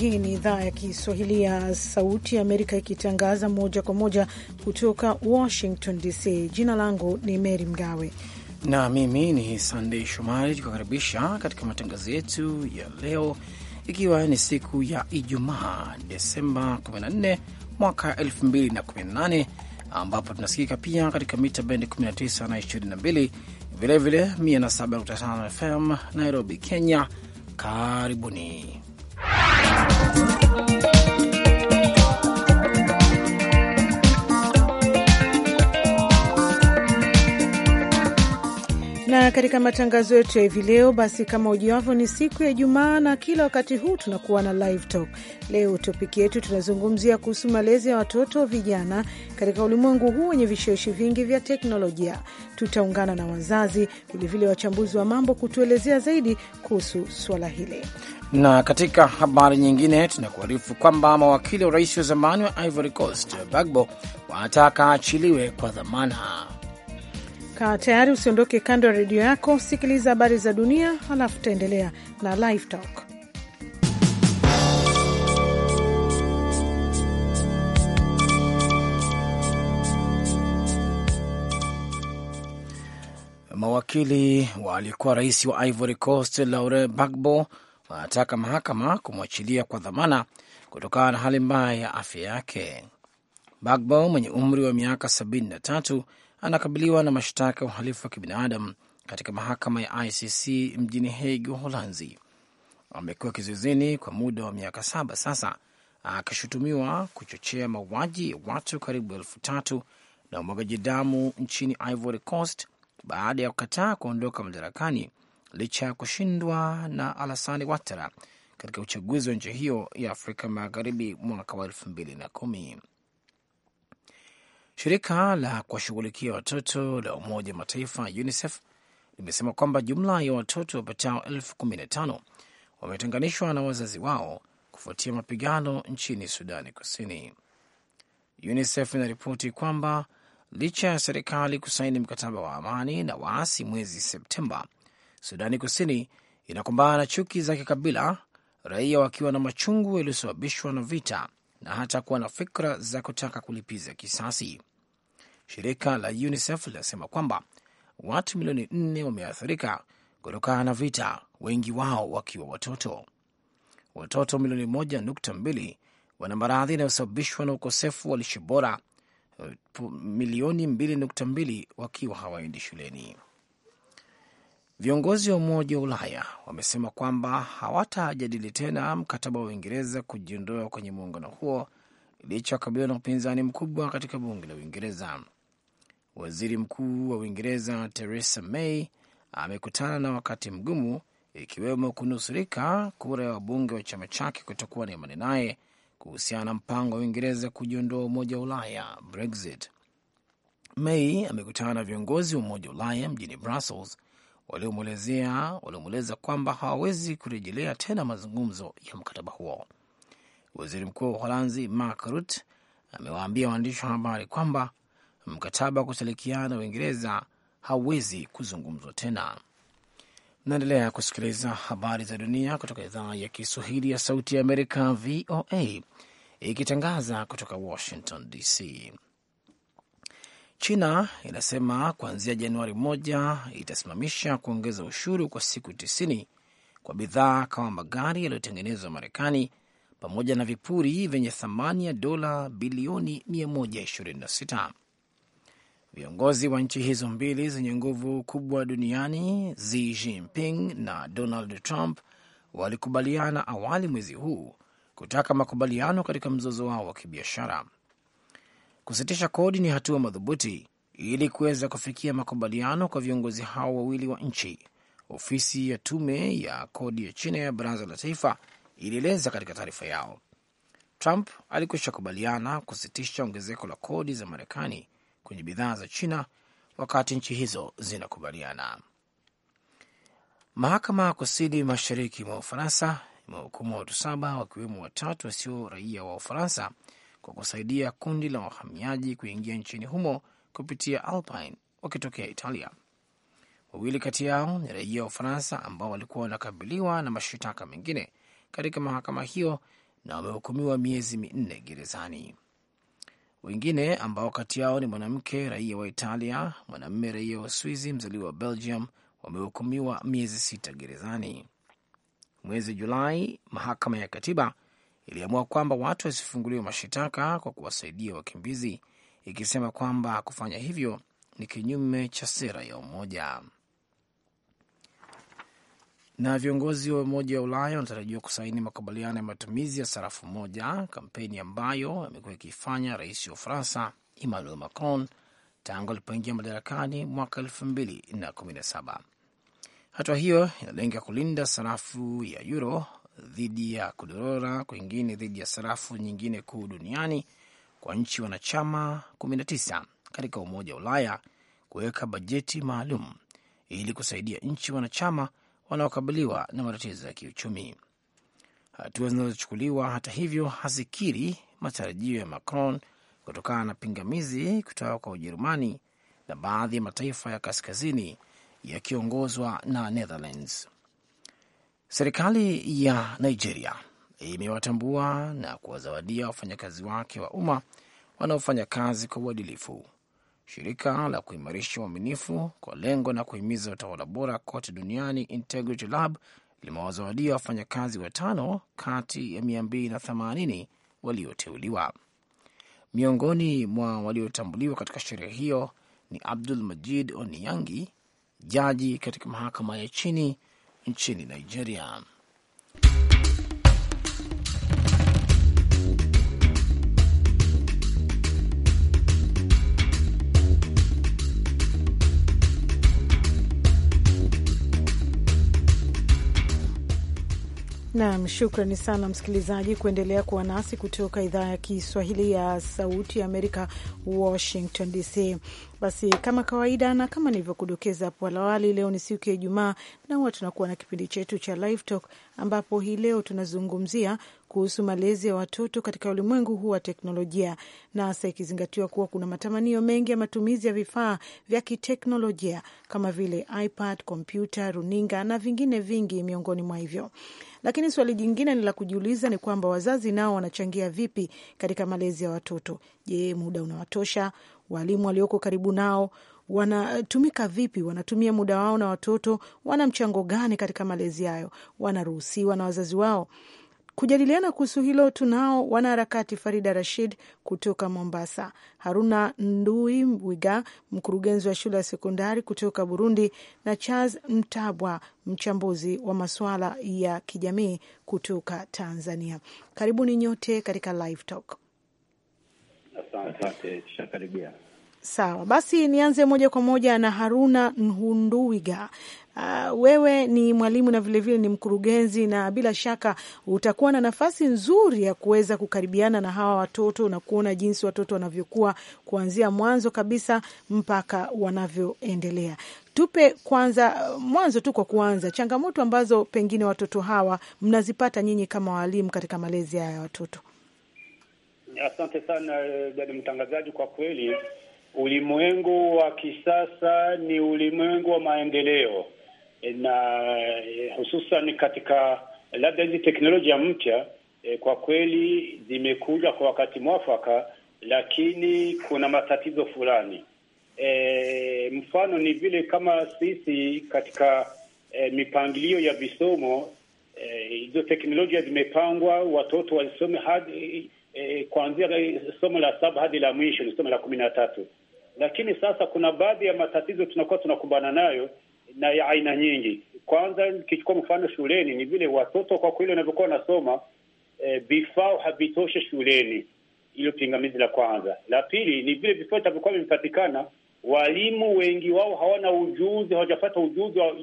Hii ni idhaa ya Kiswahili ya Sauti ya Amerika ikitangaza moja kwa moja kutoka Washington DC. Jina langu ni Mary Mgawe na mimi ni Sandei Shomari, tukakaribisha katika matangazo yetu ya leo, ikiwa ni siku ya Ijumaa Desemba 14 mwaka 2018 ambapo tunasikika pia katika mita bendi 19 na 22, vilevile 107.5 FM Nairobi, Kenya. Karibuni na katika matangazo yetu ya hivi leo, basi kama ujuavyo, ni siku ya Ijumaa na kila wakati huu tunakuwa na live talk. Leo topiki yetu tunazungumzia kuhusu malezi ya watoto vijana katika ulimwengu huu wenye vishawishi vingi vya teknolojia. Tutaungana na wazazi vilevile, wachambuzi wa mambo kutuelezea zaidi kuhusu swala hili. Na katika habari nyingine tunakuarifu kwamba mawakili wa rais wa zamani wa Ivory Coast Bagbo wanataka aachiliwe kwa dhamana. Kaa tayari, usiondoke kando ya redio yako, sikiliza habari za dunia, halafu taendelea na live talk. Mawakili walikuwa rais wa Ivory Coast Laurent Bagbo anataka mahakama kumwachilia kwa dhamana kutokana na hali mbaya ya afya yake. Bagbo mwenye umri wa miaka 73 anakabiliwa na mashtaka ya uhalifu wa kibinadamu katika mahakama ya ICC mjini Hague, Uholanzi. Amekuwa kizuizini kwa muda wa miaka saba sasa akishutumiwa kuchochea mauaji ya watu karibu elfu tatu na umwagaji damu nchini Ivory Coast baada ya kukataa kuondoka madarakani licha ya kushindwa na Alassani Watara katika uchaguzi wa nchi hiyo ya Afrika Magharibi mwaka wa elfu mbili na kumi. Shirika la kuwashughulikia watoto la Umoja Mataifa UNICEF limesema kwamba jumla ya watoto wapatao elfu kumi na tano wametenganishwa na wazazi wao kufuatia mapigano nchini Sudani Kusini. UNICEF inaripoti kwamba licha ya serikali kusaini mkataba wa amani na waasi mwezi Septemba, Sudani Kusini inakumbana na chuki za kikabila, raia wakiwa na machungu yaliyosababishwa na vita na hata kuwa na fikra za kutaka kulipiza kisasi. Shirika la UNICEF linasema kwamba watu milioni nne wameathirika kutokana na vita, wengi wao wakiwa watoto. Watoto milioni moja nukta mbili wana maradhi yanayosababishwa na ukosefu wa lishe bora, milioni mbili nukta mbili wakiwa hawaendi shuleni. Viongozi wa Umoja wa Ulaya wamesema kwamba hawatajadili tena mkataba wa Uingereza kujiondoa kwenye muungano huo licha ya na upinzani mkubwa katika bunge la Uingereza. Waziri Mkuu wa Uingereza Theresa May amekutana na wakati mgumu, ikiwemo kunusurika kura ya wabunge wa chama chake kutokuwa na imani naye kuhusiana na mpango wa Uingereza kujiondoa Umoja wa Ulaya, Brexit. May amekutana na viongozi wa Umoja wa Ulaya mjini Brussels waliomweleza kwamba hawawezi kurejelea tena mazungumzo ya mkataba huo. Waziri Mkuu wa Uholanzi Mark Rutte amewaambia waandishi wa habari kwamba mkataba wa kusalikiana na Uingereza hauwezi kuzungumzwa tena. Naendelea kusikiliza habari za dunia kutoka idhaa ya Kiswahili ya Sauti ya Amerika, VOA, ikitangaza kutoka Washington DC. China inasema kuanzia Januari moja itasimamisha kuongeza ushuru kwa siku tisini kwa bidhaa kama magari yaliyotengenezwa Marekani pamoja na vipuri vyenye thamani ya dola bilioni 126. Viongozi wa nchi hizo mbili zenye nguvu kubwa duniani Xi Jinping na Donald Trump walikubaliana awali mwezi huu kutaka makubaliano katika mzozo wao wa kibiashara. Kusitisha kodi ni hatua madhubuti ili kuweza kufikia makubaliano kwa viongozi hao wawili wa nchi. Ofisi ya tume ya kodi ya China ya baraza la taifa ilieleza katika taarifa yao, Trump alikwisha kubaliana kusitisha ongezeko la kodi za Marekani kwenye bidhaa za China wakati nchi hizo zinakubaliana. Mahakama ya kusini mashariki mwa Ufaransa imewahukumu watu saba wakiwemo watatu wasio raia wa Ufaransa kwa kusaidia kundi la wahamiaji kuingia nchini humo kupitia Alpine wakitokea Italia. Wawili kati yao ni raia wa Ufaransa ambao walikuwa wanakabiliwa na mashitaka mengine katika mahakama hiyo na wamehukumiwa miezi minne gerezani. Wengine ambao kati yao ni mwanamke raia wa Italia, mwanamume raia wa Swizi mzaliwa wa Belgium wamehukumiwa miezi sita gerezani. Mwezi Julai, mahakama ya katiba iliamua kwamba watu wasifunguliwe mashitaka kwa kuwasaidia wakimbizi, ikisema kwamba kufanya hivyo ni kinyume cha sera ya umoja. Na viongozi wa Umoja wa Ulaya wanatarajiwa kusaini makubaliano ya matumizi ya sarafu moja, kampeni ambayo amekuwa ikifanya rais wa Ufaransa Emmanuel Macron tangu alipoingia madarakani mwaka elfu mbili na kumi na saba. Hatua hiyo inalenga kulinda sarafu ya euro dhidi ya kudorora kwingine dhidi ya sarafu nyingine kuu duniani kwa nchi wanachama 19 katika Umoja wa Ulaya kuweka bajeti maalum ili kusaidia nchi wanachama wanaokabiliwa na matatizo ya kiuchumi. Hatua zinazochukuliwa hata hivyo hazikiri matarajio ya Macron kutokana na pingamizi kutoka kwa Ujerumani na baadhi ya mataifa ya kaskazini yakiongozwa na Netherlands. Serikali ya Nigeria imewatambua na kuwazawadia wafanyakazi wake wa umma wanaofanya kazi kwa uadilifu. Shirika la kuimarisha uaminifu kwa lengo na kuhimiza utawala bora kote duniani, Integrity Lab limewazawadia wafanyakazi watano kati ya 280 walioteuliwa. Miongoni mwa waliotambuliwa katika sherehe hiyo ni Abdul Majid Oniyangi, jaji katika mahakama ya chini nchini Nigeria. Nam, shukrani sana msikilizaji kuendelea kuwa nasi kutoka idhaa ya Kiswahili ya Sauti ya Amerika, Washington DC. Basi kama kawaida na kama nilivyokudokeza hapo awali, leo ni siku ya Ijumaa na huwa tunakuwa na kipindi chetu cha Live Talk, ambapo hii leo tunazungumzia kuhusu malezi ya watoto katika ulimwengu huu wa teknolojia, na hasa ikizingatiwa kuwa kuna matamanio mengi ya matumizi ya vifaa vya kiteknolojia kama vile iPad, kompyuta, runinga na vingine vingi miongoni mwa hivyo. Lakini swali jingine ni la kujiuliza ni kwamba wazazi nao wanachangia vipi katika malezi ya watoto? Je, muda unawatosha? Walimu walioko karibu nao wanatumika vipi? Wanatumia muda wao na watoto? Wana mchango gani katika malezi hayo? Wanaruhusiwa na wazazi wao? Kujadiliana kuhusu hilo tunao wanaharakati Farida Rashid kutoka Mombasa, Haruna Ndui Mwiga, mkurugenzi wa shule ya sekondari kutoka Burundi, na Charles Mtabwa, mchambuzi wa masuala ya kijamii kutoka Tanzania. Karibuni nyote katika Live Talk. Sawa basi, nianze moja kwa moja na Haruna Nhunduwiga uh, wewe ni mwalimu na vilevile vile ni mkurugenzi, na bila shaka utakuwa na nafasi nzuri ya kuweza kukaribiana na hawa watoto na kuona jinsi watoto wanavyokuwa kuanzia mwanzo kabisa mpaka wanavyoendelea. Tupe kwanza mwanzo tu, kwa kuanza, changamoto ambazo pengine watoto hawa mnazipata nyinyi kama waalimu katika malezi haya ya watoto. Asante sana eh, dada mtangazaji. Kwa kweli ulimwengu wa kisasa ni ulimwengu wa maendeleo na eh, hususan katika labda hizi teknolojia mpya e, kwa kweli zimekuja kwa wakati mwafaka, lakini kuna matatizo fulani e, mfano ni vile kama sisi katika e, mipangilio ya visomo hizo e, teknolojia zimepangwa watoto wasome hadi e, kuanzia somo la saba hadi la mwisho ni somo la kumi na tatu, lakini sasa kuna baadhi ya matatizo tunakuwa tunakumbana nayo na ya aina nyingi. Kwanza nikichukua mfano shuleni, ni vile watoto kwa kweli wanavyokuwa wanasoma eh, vifaa eh, havitoshe shuleni. Hilo pingamizi la kwanza. La pili ni vile vifaa vitavyokuwa vimepatikana, walimu wengi wao hawana ujuzi, hawajapata ujuzi wa,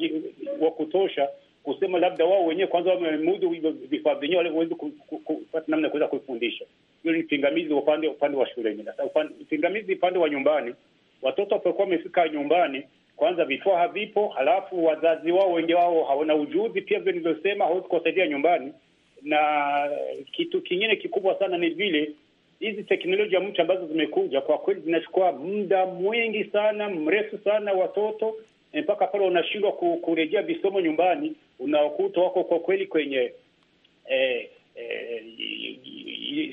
wa kutosha kusema labda wao wenyewe kwanza wamemudu hivyo vifaa vyenyewe, waliwezi kupata namna ya kuweza kuifundisha. Hiyo ni pingamizi upande upande wa shuleni. Sasa pingamizi upande wa nyumbani, watoto wapokuwa wamefika nyumbani kwanza vifaa havipo, halafu wazazi wao wengi wao hawana ujuzi pia, vile nilivyosema, hawezi kuwasaidia nyumbani. Na kitu kingine kikubwa sana ni vile hizi teknolojia mtu ambazo zimekuja kwa kweli zinachukua muda mwingi sana mrefu sana watoto eh, mpaka pale unashindwa kurejea visomo nyumbani, unaokuta wako kwa kweli kwenye eh, eh,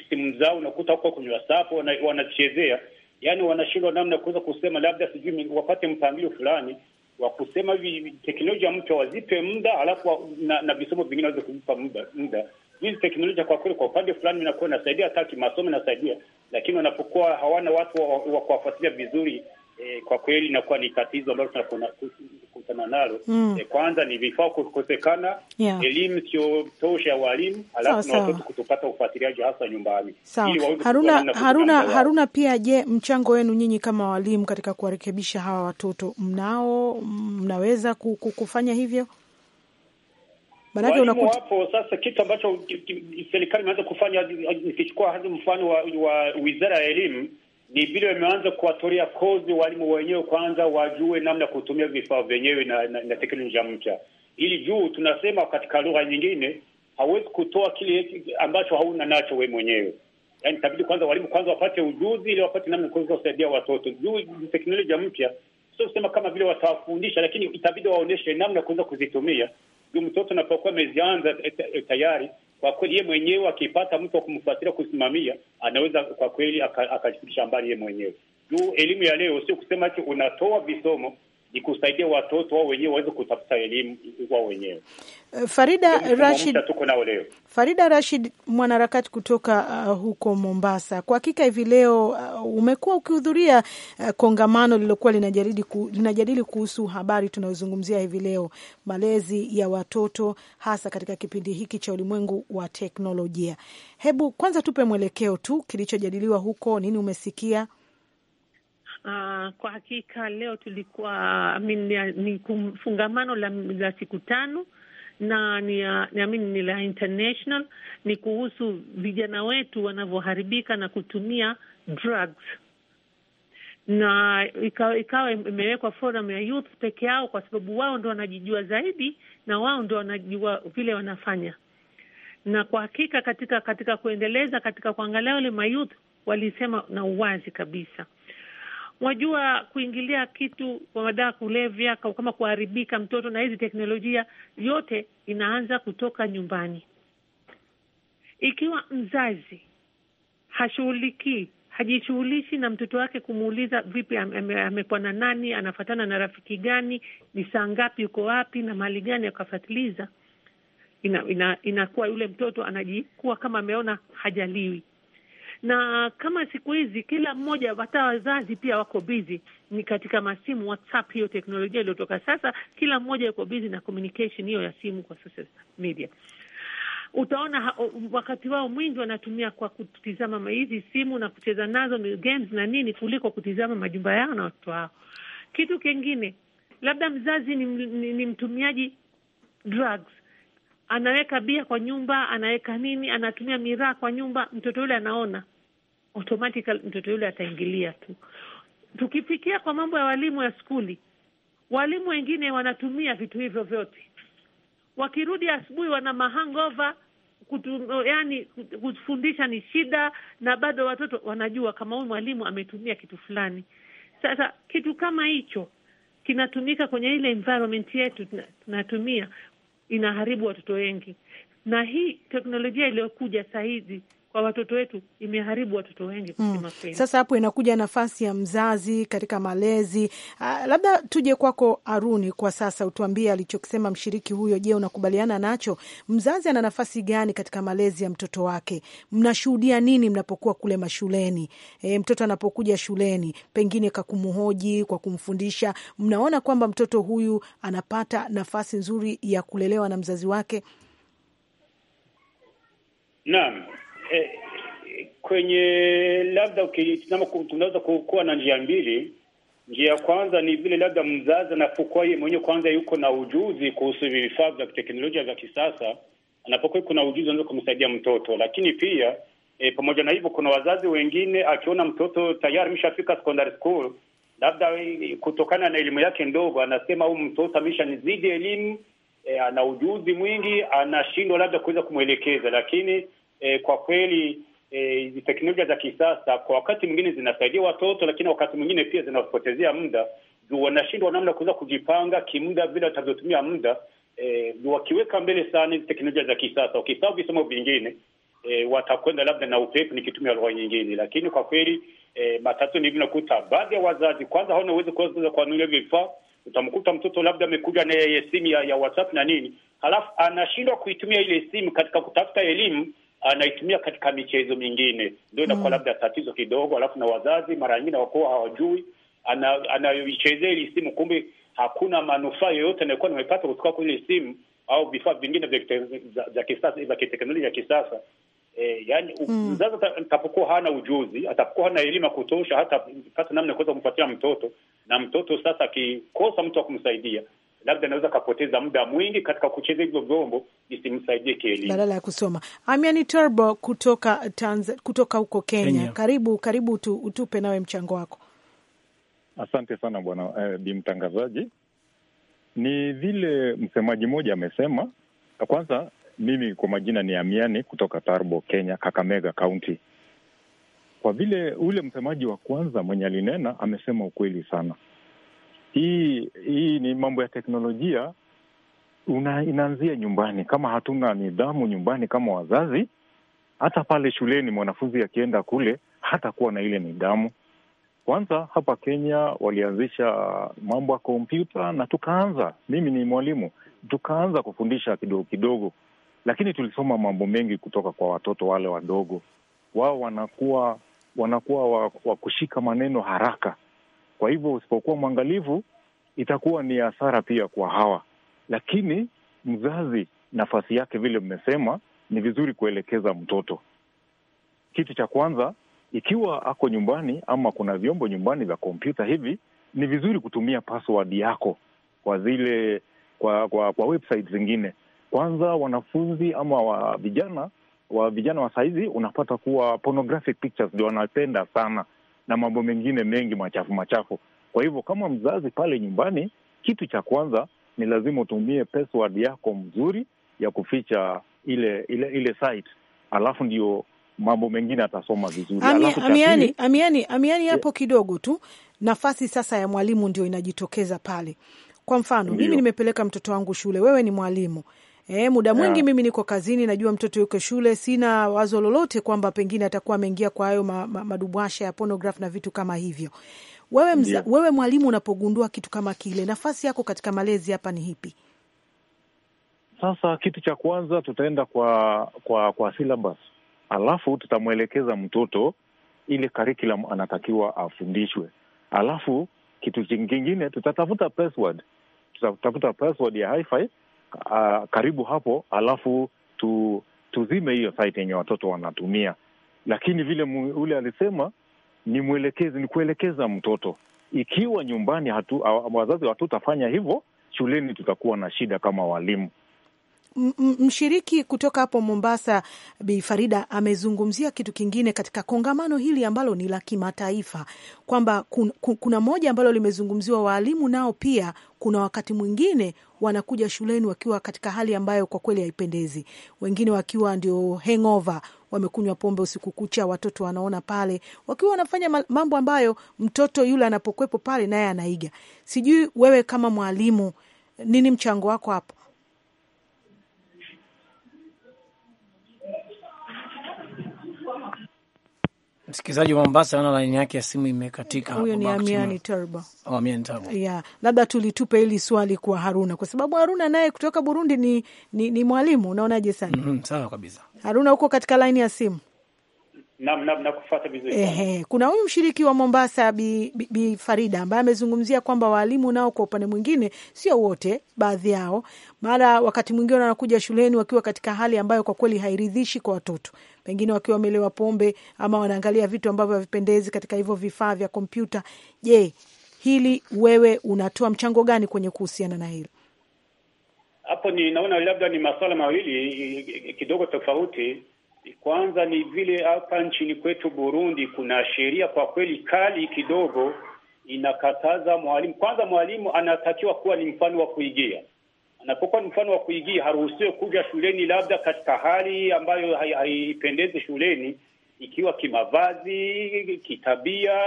simu zao, unakuta wako kwenye WhatsApp wanachezea wana yani wanashindwa namna kuweza kusema, labda sijui wapate mpangilio fulani wa kusema hivi teknolojia mpya wazipe muda, alafu na, na visomo vingine waweze kuvipa muda muda. Hizi teknolojia kwa kweli, kwa upande fulani inakuwa inasaidia, hata kimasomo inasaidia, lakini wanapokuwa hawana watu wa, wa kuwafuatilia vizuri eh, kwa kweli inakuwa ni tatizo ambalo kukutana nalo mm. E, kwanza ni vifaa kukosekana, yeah. elimu sio tosha ya walimu, halafu na watoto kutopata ufuatiliaji hasa nyumbani. Haruna, Haruna, Haruna, pia je, mchango wenu nyinyi kama walimu katika kuwarekebisha hawa watoto mnao, mnaweza kufanya hivyo? Manake unakuta wapo sasa, kitu ambacho serikali imeanza kufanya, nikichukua hadi mfano wa, wa wizara ya elimu ni vile wameanza kuwatolea kozi walimu wenyewe, kwanza wajue namna ya kutumia vifaa vyenyewe na, na, na teknolojia mpya, ili juu tunasema katika lugha nyingine, hawezi kutoa kile ambacho hauna nacho we mwenyewe. Yani itabidi kwanza walimu kwanza wapate ujuzi, ili wapate namna kuweza kusaidia watoto juu teknolojia mpya. Sio kusema kama vile watawafundisha, lakini itabidi waoneshe namna ya kuweza kuzitumia juu mtoto anapokuwa amezianza eh, eh, tayari kwa kweli yeye mwenyewe akipata mtu wa kumfuatilia kusimamia, anaweza kwa kweli akashiriki ye yeye mwenyewe. Juu elimu ya leo sio kusema tu unatoa visomo ni kusaidia watoto wao wenyewe waweze kutafuta elimu wao wenyewe. Eh, Farida Rashid, tuko nao leo. Farida Rashid, mwanaharakati kutoka uh, huko Mombasa, kwa hakika hivi leo uh, umekuwa ukihudhuria uh, kongamano lililokuwa linajadili kuhusu habari tunayozungumzia hivi leo, malezi ya watoto, hasa katika kipindi hiki cha ulimwengu wa teknolojia. Hebu kwanza tupe mwelekeo tu kilichojadiliwa huko, nini umesikia? Uh, kwa hakika leo tulikuwa ni fungamano la, la siku tano na niamini ni la international, ni kuhusu vijana wetu wanavyoharibika na kutumia drugs, na ikawa ikawa imewekwa forum ya youth peke yao, kwa sababu wao ndo wanajijua zaidi na wao ndo wanajua vile wanafanya. Na kwa hakika katika katika kuendeleza katika kuangalia wale mayouth walisema na uwazi kabisa wajua kuingilia kitu kwa madawa kulevya kama kuharibika mtoto na hizi teknolojia yote inaanza kutoka nyumbani. Ikiwa mzazi hashughulikii hajishughulishi na mtoto wake kumuuliza vipi, amekuwa na nani, anafatana na rafiki gani, ni saa ngapi, uko wapi na mali gani, akafatiliza inakuwa ina, ina yule mtoto anajikuwa kama ameona hajaliwi na kama siku hizi kila mmoja, hata wazazi pia wako bizi, ni katika masimu WhatsApp, hiyo teknolojia iliyotoka sasa, kila mmoja yuko bizi na communication hiyo ya simu kwa social media. Utaona wakati wao mwingi wanatumia kwa kutizama hizi simu na kucheza nazo games na nini, kuliko kutizama majumba yao na watoto wao. Kitu kingine, labda mzazi ni, ni, ni mtumiaji drugs anaweka bia kwa nyumba, anaweka nini, anatumia miraa kwa nyumba, mtoto yule anaona automatically mtoto yule ataingilia tu. Tukifikia kwa mambo ya walimu ya skuli, walimu wengine wanatumia vitu hivyo vyote, wakirudi asubuhi wana mahangova kutu, yani kufundisha ni shida, na bado watoto wanajua kama huyu mwalimu ametumia kitu fulani. Sasa kitu kama hicho kinatumika kwenye ile environment yetu tunatumia, inaharibu watoto wengi, na hii teknolojia iliyokuja saa hizi kwa watoto wetu imeharibu watoto wengi mm. Sasa hapo inakuja nafasi ya mzazi katika malezi. Uh, labda tuje kwako Aruni kwa sasa, utuambie alichokisema mshiriki huyo. Je, unakubaliana nacho? Mzazi ana nafasi gani katika malezi ya mtoto wake? Mnashuhudia nini mnapokuwa kule mashuleni? E, mtoto anapokuja shuleni pengine kakumhoji kwa kumfundisha, mnaona kwamba mtoto huyu anapata nafasi nzuri ya kulelewa na mzazi wake? Naam. Eh, kwenye labda ukitizama, tunaweza kuwa na njia mbili. Njia ya kwanza ni vile labda mzazi anapokuwa yeye mwenyewe kwanza yuko na ujuzi kuhusu vifaa vya teknolojia vya kisasa, anapokuwa yuko na ujuzi anaweza kumsaidia mtoto, lakini pia e, pamoja na hivyo, kuna wazazi wengine akiona mtoto tayari ameshafika secondary school, labda eh, kutokana na elimu yake ndogo, anasema huyu mtoto ameshanizidi elimu, e, ana ujuzi mwingi, anashindwa labda kuweza kumwelekeza, lakini e, kwa kweli e, teknolojia za kisasa kwa wakati mwingine zinasaidia watoto, lakini wakati mwingine pia zinapotezea muda, wanashindwa namna kuweza kujipanga kimuda vile watavyotumia muda e, wakiweka mbele sana hizi teknolojia za kisasa, ukisahau visomo vingine e, watakwenda labda na upepo nikitumia lugha nyingine, lakini kwa kweli e, matatizo ni vinakuta baadhi ya wazazi kwanza hawana uwezo kuweza kuanulia vifaa utamkuta mtoto labda amekuja na yeye simu ya, ya WhatsApp na nini, halafu anashindwa kuitumia ile simu katika kutafuta elimu anaitumia katika michezo mingine, ndio inakuwa mm, labda tatizo kidogo. Alafu na wazazi mara nyingine wakuwa hawajui anayoichezea ana ili simu, kumbe hakuna manufaa yoyote anayokuwa nimepata kutoka kwa ile simu au vifaa vingine vya kiteknolojia ya kisasa. E, yani hmm. mzazi mm, atapokuwa hana ujuzi, atapokuwa hana elimu ya kutosha, hata pata namna ya kuweza kumfuatia mtoto, na mtoto sasa akikosa mtu wa kumsaidia labda anaweza akapoteza muda mwingi katika kucheza hivyo vyombo, isimsaidie kielimu badala ya kusoma. Amiani Turbo kutoka Tanz kutoka huko Kenya. Kenya, karibu karibu, utu, utupe nawe mchango wako. Asante sana bwana eh, bi mtangazaji. Ni vile msemaji mmoja amesema. Kwanza mimi kwa majina ni Amiani kutoka Turbo, Kenya, Kakamega Kaunti. Kwa vile ule msemaji wa kwanza mwenye alinena amesema ukweli sana hii hii ni mambo ya teknolojia una, inaanzia nyumbani. Kama hatuna nidhamu nyumbani kama wazazi, hata pale shuleni mwanafunzi akienda kule hatakuwa na ile nidhamu. Kwanza hapa Kenya walianzisha mambo ya kompyuta na tukaanza, mimi ni mwalimu, tukaanza kufundisha kidogo kidogo, lakini tulisoma mambo mengi kutoka kwa watoto wale wadogo. Wao wanakuwa wanakuwa wa, wa kushika maneno haraka kwa hivyo usipokuwa mwangalifu, itakuwa ni hasara pia kwa hawa. Lakini mzazi, nafasi yake, vile mmesema, ni vizuri kuelekeza mtoto. Kitu cha kwanza, ikiwa ako nyumbani ama kuna vyombo nyumbani vya kompyuta hivi, ni vizuri kutumia password yako kwa zile kwa kwa, kwa website zingine. Kwanza wanafunzi ama wa vijana wa vijana wa saizi, unapata kuwa pornographic pictures ndio wanapenda sana na mambo mengine mengi machafu machafu. Kwa hivyo kama mzazi pale nyumbani, kitu cha kwanza ni lazima utumie password yako mzuri ya kuficha ile ile ile site, alafu ndio mambo mengine atasoma vizuri. Ami, amiani, amiani, amiani hapo kidogo tu, nafasi sasa ya mwalimu ndio inajitokeza pale. Kwa mfano mimi nimepeleka mtoto wangu shule, wewe ni mwalimu E, muda mwingi yeah, mimi niko kazini, najua mtoto yuko shule, sina wazo lolote kwamba pengine atakuwa ameingia kwa hayo ma, ma, madubwasha ya pornograph na vitu kama hivyo. Wewe, mza, yeah, wewe mwalimu unapogundua kitu kama kile, nafasi yako katika malezi hapa ni hipi? Sasa kitu cha kwanza tutaenda kwa kwa kwa syllabus, alafu tutamwelekeza mtoto ile curriculum anatakiwa afundishwe, alafu kitu kingine tutatafuta password, tutatafuta password ya hi-fi uh, karibu hapo, alafu tu, tuzime hiyo site yenye watoto wanatumia. Lakini vile ule alisema ni mwelekezi, ni kuelekeza mtoto. Ikiwa nyumbani hatu, wazazi hatutafanya hivyo, shuleni tutakuwa na shida kama walimu mshiriki kutoka hapo Mombasa, Bi Farida amezungumzia kitu kingine katika kongamano hili ambalo ni la kimataifa, kwamba kuna moja ambalo limezungumziwa, waalimu nao pia kuna wakati mwingine wanakuja shuleni wakiwa katika hali ambayo kwa kweli haipendezi, wengine wakiwa ndio hangover, wamekunywa pombe usiku kucha, watoto wanaona pale wakiwa wanafanya mambo ambayo mtoto yule anapokwepo pale naye anaiga. Sijui wewe kama mwalimu, nini mchango wako hapo? Msikilizaji wa Mombasa naona laini yake ya simu imekatika. Huyo ni Amiani Turbo. Oh, Amiani Turbo. Yeah, labda tulitupe hili swali kwa Haruna kwa sababu Haruna naye kutoka Burundi ni, ni, ni mwalimu. Unaonaje sana? mm -hmm, sawa kabisa. Haruna, huko katika laini ya simu? na, na, na vizuri. Ehe, kuna huyu mshiriki wa Mombasa Bi, Bi, Bi Farida ambaye amezungumzia kwamba waalimu nao kwa upande mwingine, sio wote, baadhi yao mara wakati mwingine wanakuja shuleni wakiwa katika hali ambayo kwa kweli hairidhishi kwa watoto, pengine wakiwa wamelewa pombe ama wanaangalia vitu ambavyo havipendezi katika hivyo vifaa vya kompyuta. Je, hili wewe unatoa mchango gani kwenye kuhusiana na hilo? Hapo ni naona labda ni masuala mawili kidogo tofauti. Kwanza ni vile hapa nchini kwetu Burundi kuna sheria kwa kweli kali kidogo, inakataza mwalimu. Kwanza mwalimu anatakiwa kuwa ni mfano wa kuigia. Anapokuwa ni mfano wa kuigia, haruhusiwe kuja shuleni labda katika hali ambayo haipendezi shuleni, ikiwa kimavazi, kitabia.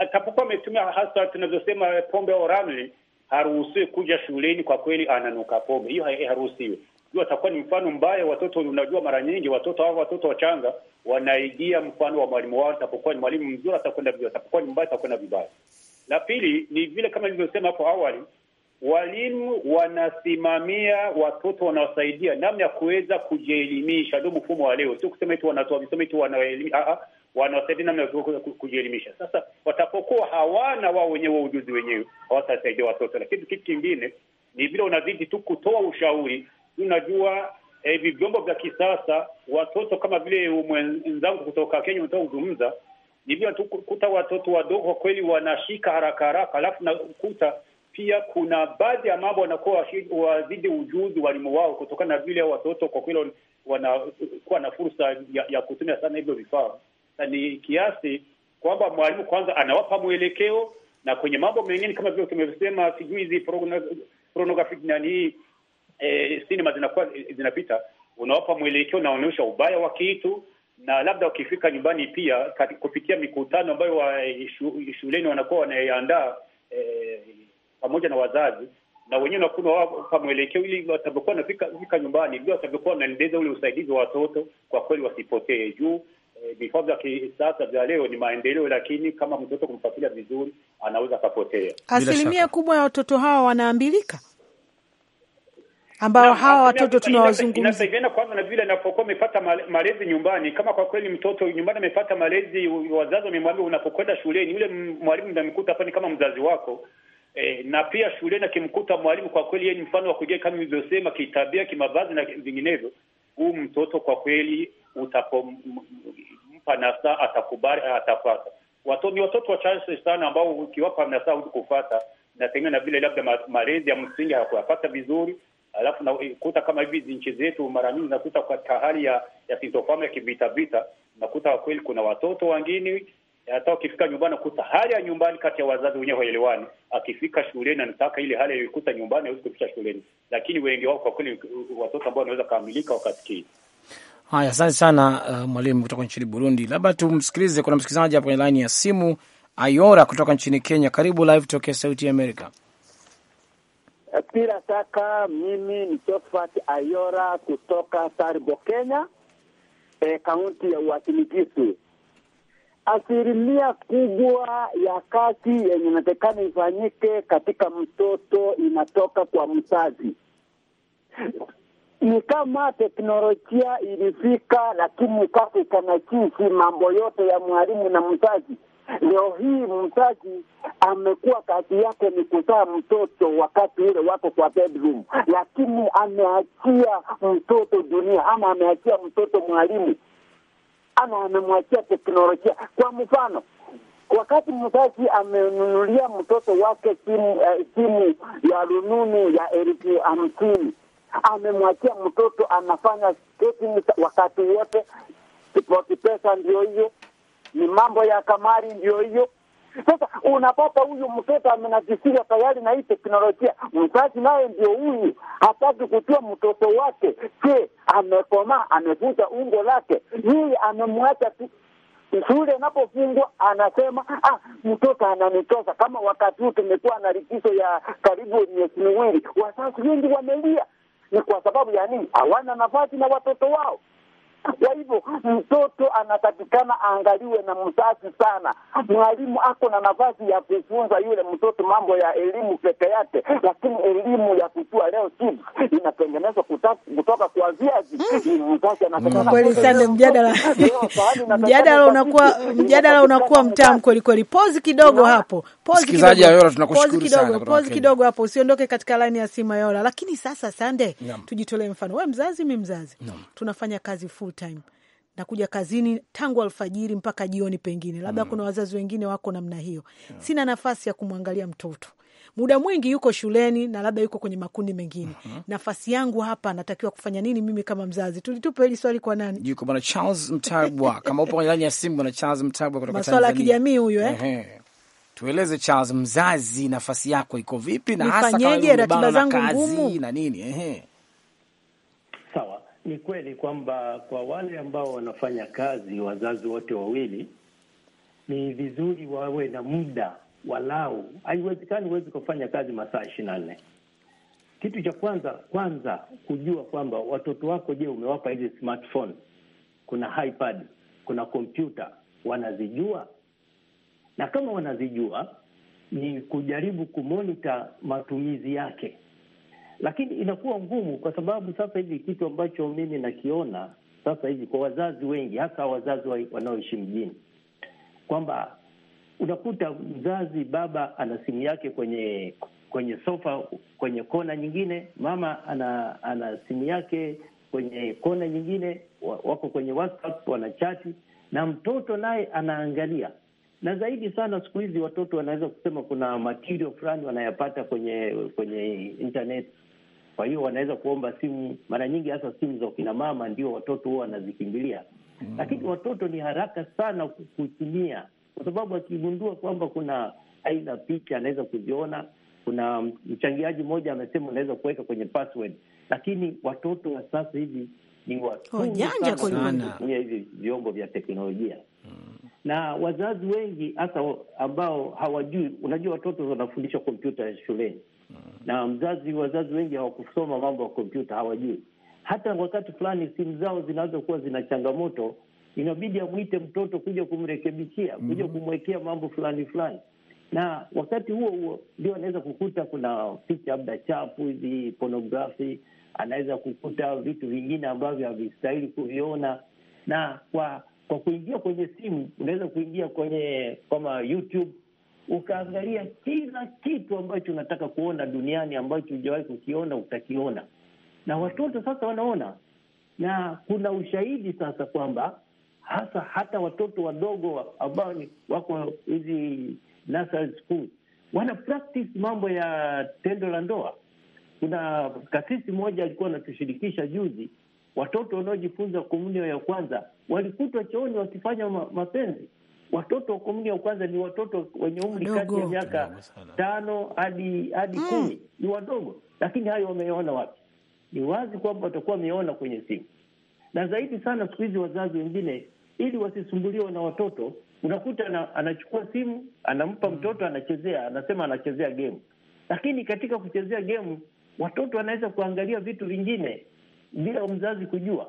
Atapokuwa ametumia hasa tunavyosema pombe au ramli, haruhusiwe kuja shuleni. Kwa kweli ananuka pombe, hiyo haruhusiwe hiyo atakuwa ni mfano mbaya. Watoto, unajua, mara nyingi watoto hao, watoto wachanga wanaigia mfano wa mwalimu wao. Atakapokuwa ni mwalimu mzuri atakwenda vizuri, atakapokuwa ni mbaya atakwenda vibaya. La pili ni vile kama nilivyosema hapo awali, walimu wanasimamia watoto, wanawasaidia namna ya kuweza kujielimisha. Ndio mfumo wa leo, sio kusema eti wanatoa visomo eti wanaelimisha wanawasaidia namna ya kujielimisha. Sasa watapokuwa hawana wao wenyewe ujuzi wenyewe, hawatasaidia watoto. Lakini kitu kingine ni vile unazidi tu kutoa ushauri unajua eh, hivi eh, vyombo vya kisasa, watoto kama vile mwenzangu kutoka Kenya kuzungumza hivyo, tukuta watoto wadogo kweli wanashika haraka haraka, alafu nakuta pia kuna baadhi ya mambo wanakuwa wazidi ujuzi walimu wao, kutokana na vile watoto kwa kweli wanakuwa na fursa ya, ya kutumia sana hivyo vifaa, ni kiasi kwamba mwalimu kwanza anawapa mwelekeo, na kwenye mambo mengine kama vile tumesema, sijui hizi pornographic nani e, sinema zinakuwa eh, zinapita, unawapa mwelekeo na unaonyesha ubaya wa kitu, na labda wakifika nyumbani pia kati, kupitia mikutano ambayo wa, eh, shuleni wanakuwa wanaandaa e, pamoja na wazazi na wenyewe nakuna wapa mwelekeo ili watavyokuwa wanafika nyumbani, ndio watavyokuwa wanaendeleza ule usaidizi wa watoto, kwa kweli wasipotee juu vifaa vya kisasa vya leo ni maendeleo, lakini kama mtoto kumfuatilia vizuri, anaweza akapotea. Asilimia kubwa ya watoto hawa wanaambilika ambao hawa watoto tunawazungumza, inategemeana kwanza na vile anapokuwa amepata malezi nyumbani. Kama kwa kweli mtoto nyumbani amepata malezi, wazazi wamemwambia, unapokwenda shuleni yule mwalimu ndamkuta hapa ni kama mzazi wako E, na pia shuleni akimkuta mwalimu kwa kweli yeye ni mfano wa kujenga kama nilivyosema, kitabia, kimavazi na vinginevyo, huu mtoto kwa kweli utapompa nasaa atakubali, atafata. Watoto ni watoto wachache sana ambao ukiwapa nasaa huwezi kufata, na vile labda malezi ya msingi hakuyapata vizuri, alafu nakuta kama hivi nchi zetu mara nyingi nakuta katika hali ya, ya sintofahamu ya kivita vita, nakuta kweli kuna watoto wengine hata ukifika nyumbani nakuta hali ya nyumbani kati ya wazazi wenyewe haelewani. Akifika shuleni anataka ile hali aliyokuta nyumbani hawezi kufika shuleni, lakini wengi wao kwa kweli watoto ambao wanaweza kamilika wakati hii. Haya, asante sana uh, mwalimu kutoka nchini Burundi. Labda tumsikilize, kuna msikilizaji hapo kwenye laini ya simu, Ayora kutoka nchini Kenya. Karibu live tokea Sauti ya Amerika. Eh, bila shaka mimi ni Josephat Ayora kutoka Taribo, Kenya, eh, kaunti ya Uasin Gishu. Asilimia kubwa ya kazi yenye inatakikana ifanyike katika mtoto inatoka kwa mzazi. Ni kama teknolojia ilifika, lakini sasa ikanakisi mambo yote ya mwalimu na mzazi Leo hii mzazi amekuwa kazi yake ni kuzaa mtoto wakati ule wako kwa bedroom, lakini ameachia mtoto dunia ama ameachia mtoto mwalimu ama amemwachia teknolojia. Kwa mfano, wakati mzazi amenunulia mtoto wake simu, eh, simu ya rununu ya elfu hamsini amemwachia mtoto anafanya wakati wote, pesa ndio hiyo ni mambo ya kamari, ndio hiyo sasa. Unapata huyu mtoto amenajisiwa tayari na hii teknolojia, mzazi naye ndio huyu hataki kutia mtoto wake. Je, amekomaa? amevuta ungo lake? Yeye amemwacha tu shule inapofungwa anasema ah, mtoto ananichoza. Kama wakati huu tumekuwa na likizo ya karibu miezi miwili, wazazi wengi wamelia. Ni kwa sababu ya nini? Hawana nafasi na watoto wao. Kwa hivyo mtoto anatakikana aangaliwe na mzazi sana. Mwalimu ako na nafasi ya kufunza yule mtoto mambo ya elimu peke yake, lakini elimu ya kujua leo si inatengenezwa kutoka kwa viazi. Hmm. Mzazi mm, kweli sana. Mjadala mjadala unakuwa mjadala unakuwa mtamu kweli kweli. Pozi kidogo hapo, pozi kidogo, pozi kidogo, pozi kidogo hapo, usiondoke katika laini ya simu Ayola. Lakini sasa, Sande, tujitolee mfano, we mzazi, mi mzazi, tunafanya kazi fu full time nakuja kazini tangu alfajiri mpaka jioni, pengine labda mm. kuna wazazi wengine wako namna hiyo yeah. Sina nafasi ya kumwangalia mtoto muda mwingi yuko shuleni na labda yuko kwenye makundi mengine. mm -hmm. Nafasi yangu hapa, natakiwa kufanya nini mimi kama mzazi? Tulitupa hili swali kwa nani? Yuko bwana Charles Mtabwa, kama upo kwenye laini ya simu, bwana Charles Mtabwa kutoka Tanzania, masuala ya kijamii huyo eh? Tueleze Charles, mzazi nafasi yako iko vipi, na hasa kama ratiba zangu ngumu na nini? Ehe. Ni kweli kwamba kwa wale ambao wanafanya kazi, wazazi wote wawili, ni vizuri wawe na muda walau. Haiwezekani huwezi kufanya kazi masaa ishirini na nne. Kitu cha kwanza kwanza kujua kwamba watoto wako, je, umewapa hizi smartphone, kuna iPad, kuna kompyuta, wanazijua? Na kama wanazijua, ni kujaribu kumonita matumizi yake lakini inakuwa ngumu kwa sababu sasa hivi kitu ambacho mimi nakiona sasa hivi kwa wazazi wengi, hasa wazazi wanaoishi mjini, kwamba unakuta mzazi baba ana simu yake kwenye kwenye sofa kwenye kona nyingine, mama ana ana simu yake kwenye kona nyingine, wako kwenye WhatsApp wanachati, na mtoto naye anaangalia. Na zaidi sana siku hizi watoto wanaweza kusema kuna material fulani wanayapata kwenye kwenye internet kwa hiyo wanaweza kuomba simu, mara nyingi hasa simu za kina mama ndio watoto huwa wanazikimbilia mm. Lakini watoto ni haraka sana kutumia, kwa sababu akigundua kwamba kuna aidha picha anaweza kuziona. Kuna mchangiaji mmoja amesema unaweza kuweka kwenye password, lakini watoto wa sasa hivi ni oh, wajanja kutumia hivi vyombo vya teknolojia mm na wazazi wengi hasa ambao hawajui. Unajua, watoto wanafundishwa kompyuta shuleni na mzazi, wazazi wengi hawakusoma mambo ya kompyuta, hawajui. Hata wakati fulani simu zao zinaweza kuwa zina changamoto, inabidi amwite mtoto kuja kumrekebishia, kuja mhm. kumwekea mambo fulani fulani, na wakati huo huo ndio anaweza kukuta kuna picha labda chafu hivi pornografi, anaweza kukuta vitu vingine ambavyo havistahili kuviona na kwa kwa kuingia kwenye simu, unaweza kuingia kwenye kama YouTube ukaangalia kila kitu ambacho unataka kuona duniani ambacho hujawahi kukiona utakiona, na watoto sasa wanaona, na kuna ushahidi sasa kwamba hasa hata watoto wadogo ambao wako hizi nursery school wana practice mambo ya tendo la ndoa. Kuna kasisi mmoja alikuwa anatushirikisha juzi, watoto wanaojifunza komunio ya kwanza walikutwa chooni wakifanya mapenzi. Watoto wa komuni ya kwanza ni watoto wenye umri kati ya miaka tano hadi hadi mm, kumi. Ni wadogo, lakini hayo wameona wapi? Ni wazi kwamba watakuwa wameona kwenye simu, na zaidi sana siku hizi wazazi wengine, ili wasisumbuliwe na watoto, unakuta anachukua simu anampa mm. mtoto, anachezea, anasema anachezea gemu, lakini katika kuchezea gemu watoto wanaweza kuangalia vitu vingine bila mzazi kujua.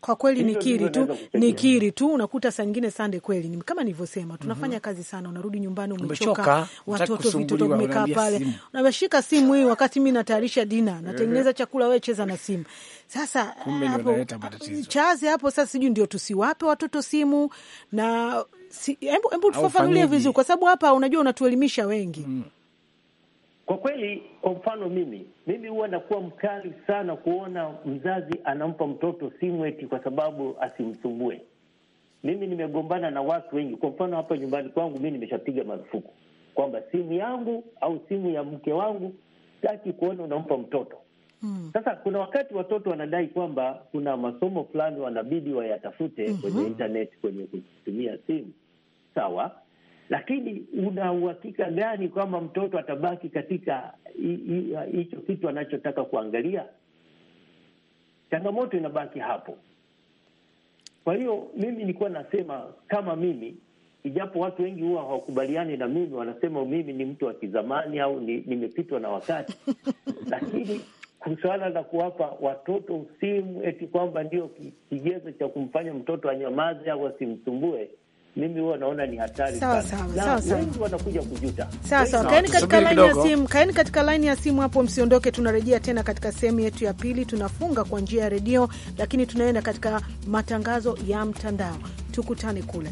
Kwa kweli nikiri tu, nikiri tu, unakuta saa nyingine sande, kweli ni kama nilivyosema, tunafanya mm -hmm. kazi sana, unarudi nyumbani umechoka, watoto vitoto vimekaa pale, unashika simu hii, wakati mimi natayarisha dina, natengeneza chakula, wewe cheza na simu. Sasa hapo chazi hapo, sasa sijui ndio tusiwape watoto simu na hebu si, tufafanulie vizuri, kwa sababu hapa unajua unatuelimisha wengi mm. Kwa kweli, kwa mfano mimi mimi huwa nakuwa mkali sana kuona mzazi anampa mtoto simu eti kwa sababu asimsumbue. Mimi nimegombana na watu wengi. Kwa mfano hapa nyumbani kwangu mi nimeshapiga marufuku kwamba simu yangu au simu ya mke wangu sitaki kuona unampa mtoto. Hmm. Sasa kuna wakati watoto wanadai kwamba kuna masomo fulani wanabidi wayatafute, mm -hmm. kwenye mhm. internet, kwenye kutumia simu. Sawa, lakini una uhakika gani kwamba mtoto atabaki katika hicho kitu anachotaka kuangalia? Changamoto inabaki hapo. Kwa hiyo mimi nilikuwa nasema kama mimi, ijapo watu wengi huwa hawakubaliani na mimi, wanasema mimi ni mtu wa kizamani au nimepitwa na wakati lakini suala la kuwapa watoto simu eti kwamba ndio kigezo cha kumfanya mtoto anyamaze au asimsumbue, mimi huwa naona ni hatari sana, na wengi wanakuja kujuta. Sawa sawa, kaeni katika laini ya simu, kaeni katika laini ya simu hapo, msiondoke. Tunarejea tena katika sehemu yetu ya pili. Tunafunga kwa njia ya redio, lakini tunaenda katika matangazo ya mtandao. Tukutane kule.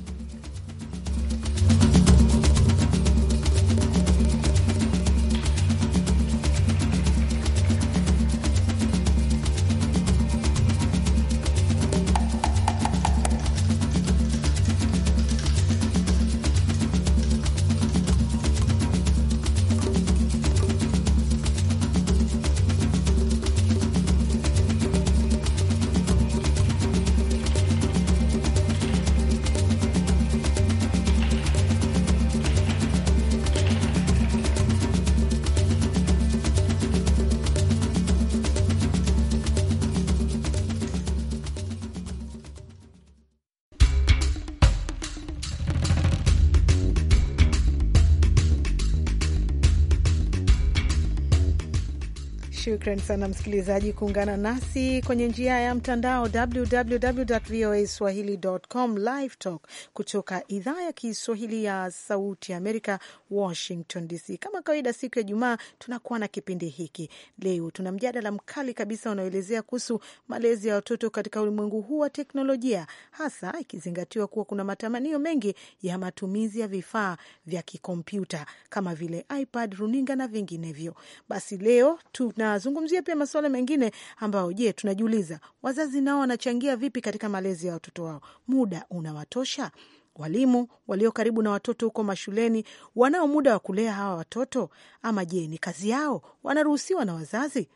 Shukran sana msikilizaji kuungana nasi kwenye njia ya mtandao www.voaswahili.com live talk kutoka idhaa ya Kiswahili ya Sauti Amerika, Washington DC. Kama kawaida, siku ya Jumaa tunakuwa na kipindi hiki. Leo tuna mjadala mkali kabisa unaoelezea kuhusu malezi ya watoto katika ulimwengu huu wa teknolojia, hasa ikizingatiwa kuwa kuna matamanio mengi ya matumizi ya vifaa vya kikompyuta kama vile iPad, runinga na vinginevyo. Basi leo tuna azungumzia pia masuala mengine ambayo, je, tunajiuliza wazazi nao wanachangia vipi katika malezi ya watoto wao? Muda unawatosha? Walimu walio karibu na watoto huko mashuleni wanao muda wa kulea hawa watoto ama je, ni kazi yao? Wanaruhusiwa na wazazi?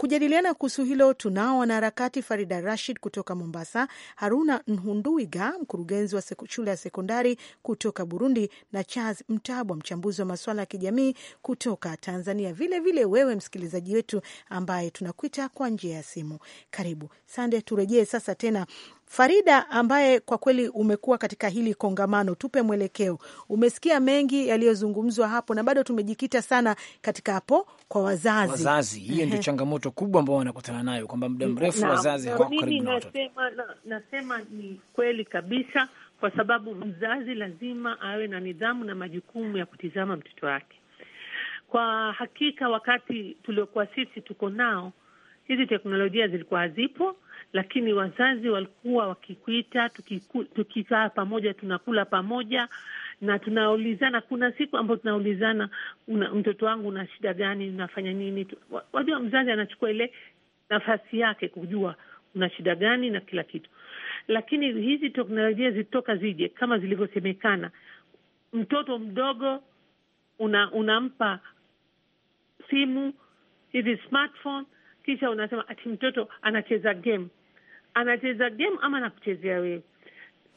Kujadiliana kuhusu hilo tunao wanaharakati Farida Rashid kutoka Mombasa, Haruna Nhunduiga, mkurugenzi wa shule ya sekondari kutoka Burundi, na Charles Mtabwa, mchambuzi wa masuala ya kijamii kutoka Tanzania. Vilevile vile wewe msikilizaji wetu ambaye tunakuita kwa njia ya simu, karibu Sande. Turejee sasa tena Farida, ambaye kwa kweli umekuwa katika hili kongamano, tupe mwelekeo. Umesikia mengi yaliyozungumzwa hapo, na bado tumejikita sana katika hapo kwa wazazi. Wazazi, hiyo ndio changamoto kubwa ambao wanakutana nayo kwamba muda mrefu wazazi hawako karibu na watoto. Nasema, nasema ni kweli kabisa, kwa sababu mzazi lazima awe na nidhamu na majukumu ya kutizama mtoto wake. Kwa hakika wakati tuliokuwa sisi tuko nao, hizi teknolojia zilikuwa hazipo lakini wazazi walikuwa wakikuita, tukikaa pamoja, tunakula pamoja na tunaulizana. Kuna siku ambayo tunaulizana, una, mtoto wangu una shida gani? Unafanya nini? Wajua, mzazi anachukua ile nafasi yake kujua una shida gani na kila kitu. Lakini hizi teknolojia zitoka zije, kama zilivyosemekana, mtoto mdogo una, unampa simu hizi smartphone, kisha unasema ati mtoto anacheza game anacheza game ama anakuchezea wewe.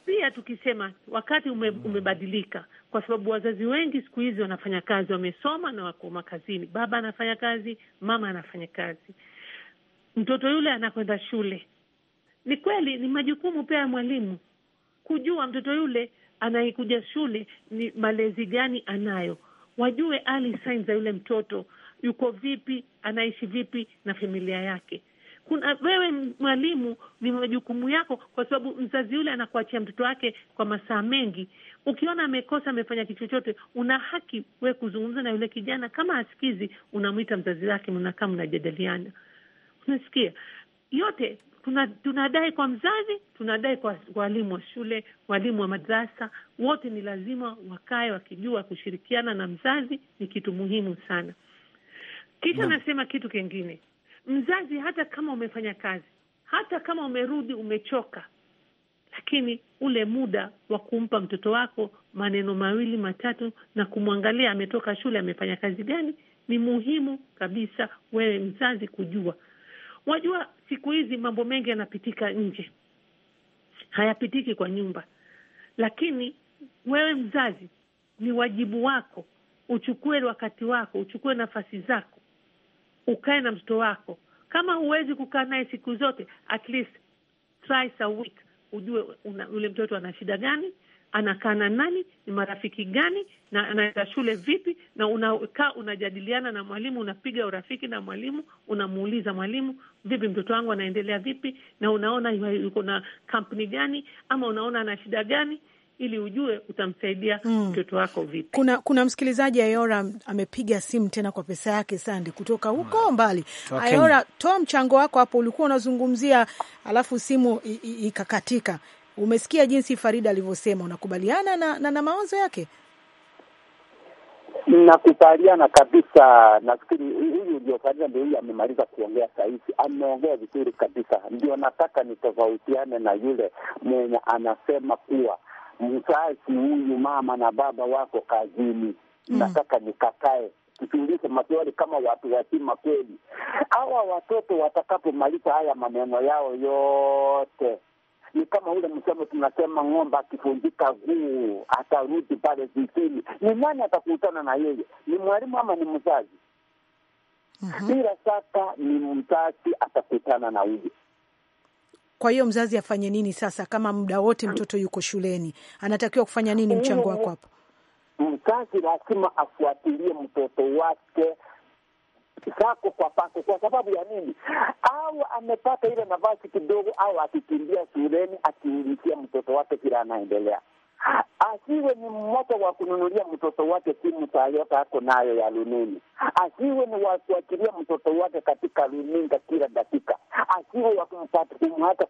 Pia tukisema wakati ume, umebadilika kwa sababu wazazi wengi siku hizi wanafanya kazi, wamesoma na wako makazini. Baba anafanya kazi, mama anafanya kazi, mtoto yule anakwenda shule. Ni kweli ni majukumu pia ya mwalimu kujua mtoto yule anayekuja shule ni malezi gani anayo, wajue early signs za yule mtoto yuko vipi, anaishi vipi na familia yake kuna wewe mwalimu, ni majukumu yako, kwa sababu mzazi yule anakuachia mtoto wake kwa masaa mengi. Ukiona amekosa amefanya kitu chochote, una haki wewe kuzungumza na yule kijana. Kama asikizi, unamwita mzazi wake, mnakaa mnajadiliana. Unasikia yote tuna, tunadai kwa mzazi, tunadai kwa walimu wa shule, walimu wa madrasa, wote ni lazima wakae wakijua kushirikiana na mzazi ni kitu muhimu sana. Kisha nasema kitu kingine mzazi, hata kama umefanya kazi, hata kama umerudi umechoka, lakini ule muda wa kumpa mtoto wako maneno mawili matatu na kumwangalia ametoka shule, amefanya kazi gani, ni muhimu kabisa wewe mzazi kujua. Wajua, siku hizi mambo mengi yanapitika nje, hayapitiki kwa nyumba, lakini wewe mzazi, ni wajibu wako uchukue wakati wako, uchukue nafasi zako ukae na mtoto wako. Kama huwezi kukaa naye siku zote, at least twice a week, ujue una, ule mtoto ana shida gani, anakaa na nani, ni marafiki gani, na anaenda shule vipi, na unakaa unajadiliana na mwalimu, unapiga urafiki na mwalimu, unamuuliza mwalimu, vipi, mtoto wangu anaendelea vipi, na unaona yuko na kampuni gani, ama unaona ana shida gani ili ujue utamsaidia hmm. mtoto mm. wako vipi. Kuna kuna msikilizaji Ayora amepiga simu tena kwa pesa yake sande kutoka huko mm. mbali okay. Ayora, toa mchango wako hapo, ulikuwa unazungumzia alafu simu ikakatika. Umesikia jinsi Farida alivyosema, unakubaliana na, na, na mawazo yake? Nakubaliana kabisa. Nafikiri huyu ndio Farida ndio huyu amemaliza kuongea sahizi, ameongea vizuri kabisa. Ndio nataka nitofautiane na yule mwenye anasema kuwa mzazi huyu mama na baba wako kazini, mm. nataka nikatae nikakae tusiulize maswali kama watu wazima kweli. Hawa watoto watakapomaliza haya maneno yao yote, ni kama ule msemo tunasema, ng'ombe akivunjika guu atarudi pale zizini. Ni nani atakutana na yeye? Ni mwalimu ama ni mzazi? Mhm. Bila mm -hmm. shaka ni mzazi atakutana na huyu kwa hiyo mzazi afanye nini sasa, kama muda wote mtoto yuko shuleni? Anatakiwa kufanya nini? Mchango wako hapo? Mzazi lazima afuatilie mtoto wake sako kwa pako. Kwa sababu ya nini? Au amepata ile nafasi kidogo, au akikimbia shuleni, akiulikia mtoto wake kila anaendelea asiwe ni mmoja wa kununulia mtoto wake simu saa yote ako nayo ya lunini asiwe ni wakuachilia mtoto wake katika luninga kila dakika, asiwe wa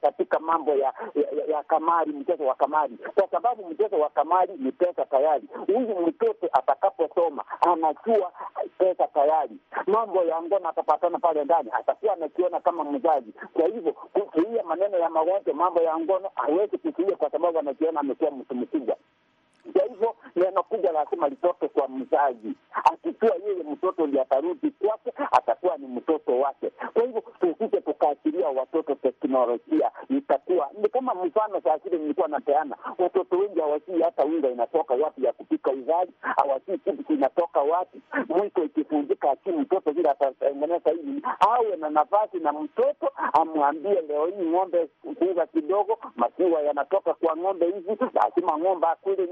katika mambo ya, ya, ya kamari, mchezo wa kamari, kwa sababu mchezo wa kamari ni pesa tayari. Huyu mtoto atakaposoma anachua pesa tayari, mambo ya ngono atapatana pale ndani, atakuwa anakiona kama mzazi. Kwa hivyo kuzuia maneno ya magonjwa, mambo ya ngono hawezi kuzuia, kwa sababu anakiona amekuwa mtu mkubwa. Kwa hivyo neno kubwa lazima litoke kwa mzazi, akikuwa yeye mtoto ndiye atarudi kwake, atakuwa ni mtoto wake. Kwa hivyo tusije tukaachilia watoto teknolojia, itakuwa ni kama mfano saa zile nilikuwa napeana, watoto wengi hawajui hata unga inatoka wapi ya kupika ugali, hawajui kitu kinatoka wapi. Mwiko ikifunjika aki mtoto vile atatengeneza hivi, awe na nafasi na mtoto amwambie, leo hii ng'ombe kuuza kidogo maziwa yanatoka kwa ng'ombe hizi, lazima ng'ombe akule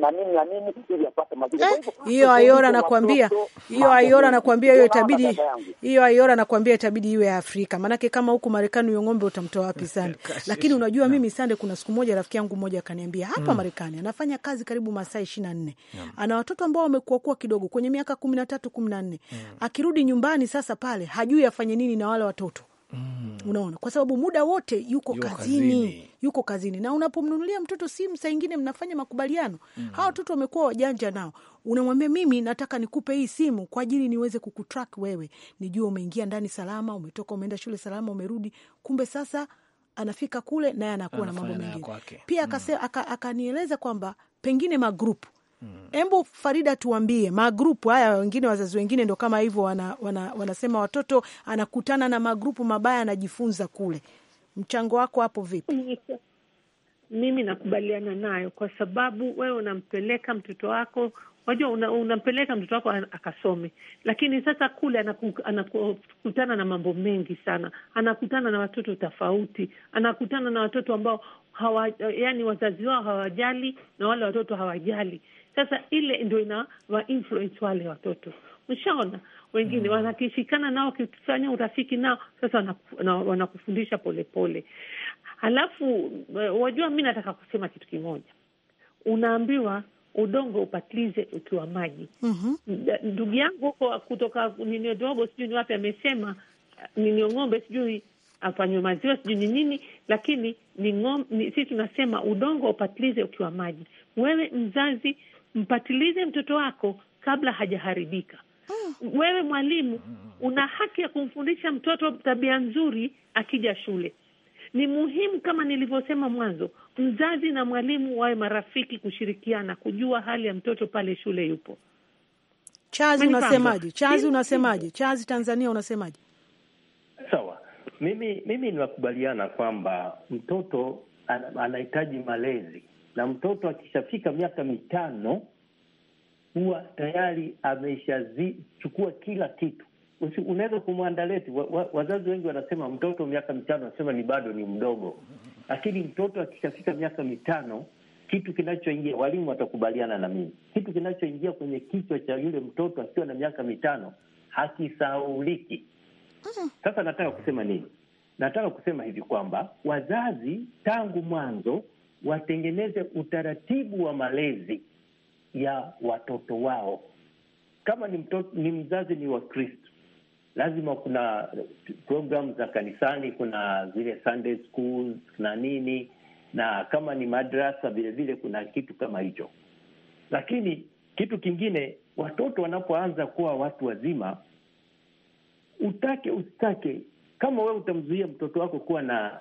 na nini na nini ili apate maziwa. Eh, hiyo Ayora anakuambia hiyo Ayora anakuambia hiyo itabidi, hiyo Ayora anakuambia itabidi iwe Afrika, maanake kama huku Marekani huyo ng'ombe utamtoa wapi Sande? Lakini unajua mimi Sande, kuna siku moja rafiki yangu mmoja akaniambia hapa mm. Marekani anafanya kazi karibu masaa ishirini na nne ana watoto ambao wamekuwa wamekuakua kidogo kwenye miaka kumi na tatu kumi na nne mm. akirudi nyumbani sasa pale hajui afanye nini na wale watoto Mm. Unaona, kwa sababu muda wote yuko, yuko kazini, kazini yuko kazini, na unapomnunulia mtoto simu, saa ingine mnafanya makubaliano mm. Hawa watoto wamekuwa wajanja nao, unamwambia mimi nataka nikupe hii simu kwa ajili niweze kukutrack wewe, nijue umeingia ndani salama, umetoka, umeenda shule salama, umerudi. Kumbe sasa anafika kule naye anakuwa na mambo mengine pia. Mm. Akanieleza mm. kwamba pengine magrupu hebu Farida, tuambie magrupu haya, wengine wazazi wengine ndo kama hivyo wana, wana, wanasema watoto anakutana na magrupu mabaya anajifunza kule. Mchango wako hapo vipi? Mimi nakubaliana nayo kwa sababu wewe unampeleka mtoto wako Unajua, unampeleka mtoto wako akasome, lakini sasa kule anakutana na mambo mengi sana. Anakutana na watoto tofauti, anakutana na watoto ambao hawa, yani wazazi wao hawajali na wale watoto hawajali. Sasa ile ndio wa influence wale watoto, mshaona wengine mm. wanakishikana nao, kifanya urafiki nao sasa wanakufundisha polepole. Halafu eh, wajua, mi nataka kusema kitu kimoja, unaambiwa udongo upatilize ukiwa maji. Mm-hmm. Ndugu mm -hmm. yangu huko kutoka niniodogo sijui ni wapi, amesema eh, ninio ng'ombe, sijui afanywe maziwa, sijui ni nini, lakini ni ng'ombe, tunasema udongo upatilize ukiwa maji. Wewe mzazi mpatilize mtoto wako kabla hajaharibika. Mm. Wewe mwalimu una haki ya kumfundisha mtoto tabia nzuri akija shule. Ni muhimu kama nilivyosema mwanzo, mzazi na mwalimu wawe marafiki, kushirikiana, kujua hali ya mtoto pale shule yupo. Chazi, unasemaje? Chazi, unasemaje? Chazi, Tanzania, unasemaje? Sawa, mimi mimi ninakubaliana kwamba mtoto anahitaji malezi na mtoto akishafika miaka mitano huwa tayari ameshachukua kila kitu. Unaweza kumwandaleti wa, wa, wazazi wengi wanasema mtoto miaka mitano, anasema ni bado ni mdogo, lakini mtoto akishafika miaka mitano kitu kinachoingia, walimu watakubaliana na mimi, kitu kinachoingia kwenye kichwa cha yule mtoto akiwa na miaka mitano hakisauliki. Sasa nataka kusema nini? Nataka kusema hivi kwamba wazazi tangu mwanzo watengeneze utaratibu wa malezi ya watoto wao. Kama ni, mtoto, ni mzazi ni wa Kristo, lazima kuna programu za kanisani, kuna zile Sunday schools na nini, na kama ni madrasa vilevile kuna kitu kama hicho. Lakini kitu kingine, watoto wanapoanza kuwa watu wazima, utake usitake, kama wewe utamzuia mtoto wako kuwa na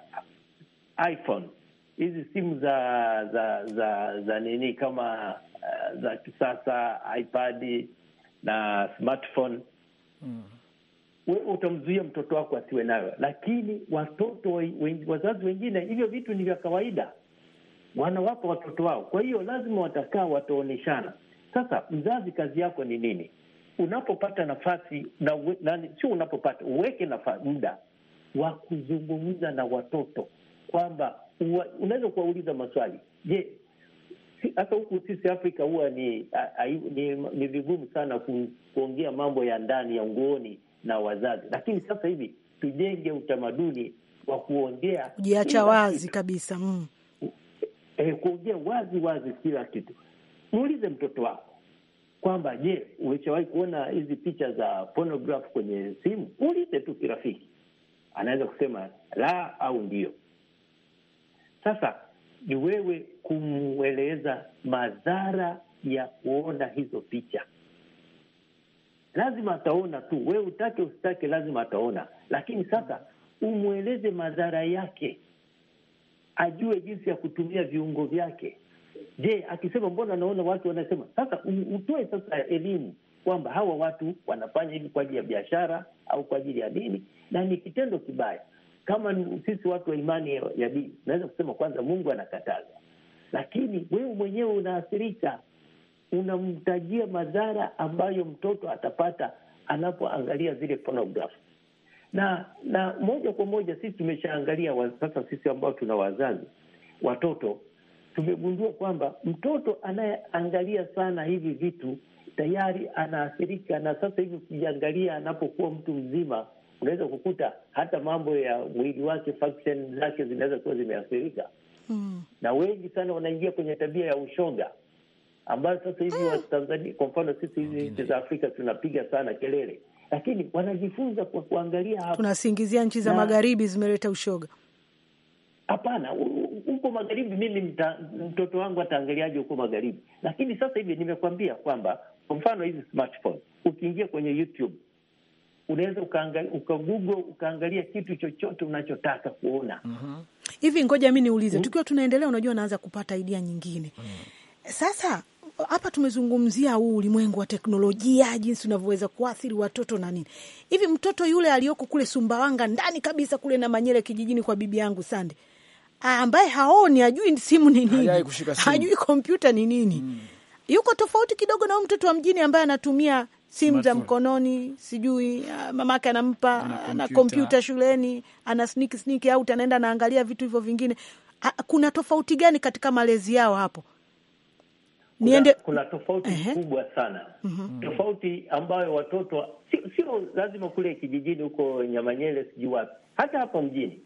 iPhone hizi simu za za za za nini kama uh, za kisasa iPad na smartphone mm. utamzuia mtoto wako asiwe nayo, lakini watoto wazazi wengine hivyo vitu ni vya kawaida wanawapa watoto wao, kwa hiyo lazima watakaa wataonyeshana. Sasa mzazi, kazi yako ni nini? Unapopata nafasi na, na sio unapopata uweke nafasi, muda wa kuzungumza na watoto kwamba unaweza kuwauliza maswali. Je, hata huku sisi Afrika huwa ni, ni ni vigumu sana ku, kuongea mambo ya ndani ya nguoni na wazazi, lakini sasa hivi tujenge utamaduni wa kuongea, kujiacha wazi kabisa mm. E, kuongea wazi wazi kila kitu. Muulize mtoto wako kwamba je, umeshawahi kuona hizi picha za pornograph kwenye simu? Muulize tu kirafiki, anaweza kusema la au ndio. Sasa ni wewe kumweleza madhara ya kuona hizo picha. Lazima ataona tu, wewe utake usitake, lazima ataona, lakini sasa umweleze madhara yake, ajue jinsi ya kutumia viungo vyake. Je, akisema mbona naona watu wanasema, sasa um, utoe sasa elimu kwamba hawa watu wanafanya hivi kwa ajili ya biashara au kwa ajili ya nini, na ni kitendo kibaya kama sisi watu wa imani ya dini naweza kusema kwanza, Mungu anakataza, lakini wewe mwenyewe unaathirika, unamtajia madhara ambayo mtoto atapata anapoangalia zile pornography. Na na moja kwa moja sisi tumeshaangalia sasa, sisi ambao tuna wazazi watoto tumegundua kwamba mtoto anayeangalia sana hivi vitu tayari anaathirika, na sasa hivi ukijiangalia, anapokuwa mtu mzima unaweza kukuta hata mambo ya mwili wake function zake zinaweza kuwa zimeathirika. Mm. Na wengi sana wanaingia kwenye tabia ya ushoga ambayo sasa hivi mm. Watanzania, kwa mfano sisi hizi nchi za Afrika tunapiga sana kelele, lakini wanajifunza kwa kuangalia hapa. Tunasingizia nchi za na magharibi zimeleta ushoga. Hapana, huko magharibi, mimi mta, mtoto wangu ataangaliaje huko magharibi? Lakini sasa hivi nimekwambia kwamba kwa mfano hizi smartphone, ukiingia kwenye YouTube unaweza ukagoogle ukaangalia kitu chochote unachotaka kuona mhm. hivi. Mm -hmm. Ngoja mi niulize. Mm -hmm. Tukiwa tunaendelea, unajua naanza kupata idea nyingine. Mm -hmm. Sasa hapa tumezungumzia huu ulimwengu wa teknolojia, jinsi unavyoweza kuathiri watoto na nini hivi. Mtoto yule aliyoko kule Sumbawanga ndani kabisa kule na Manyele kijijini kwa bibi yangu Sande, ambaye haoni, hajui simu ni nini, hajui kompyuta ni nini, hmm. yuko tofauti kidogo na huyu mtoto wa mjini ambaye anatumia simu za mkononi, sijui ah, mamake anampa na kompyuta shuleni, ana sniki sniki au anaenda anaangalia vitu hivyo vingine. Ah, kuna tofauti gani katika malezi yao hapo? Kuna, niende... kuna tofauti uh -huh. kubwa sana uh mhm. -huh. Mm. tofauti ambayo watoto sio si, lazima kule kijijini huko Nyamanyele sijui wapi, hata hapa mjini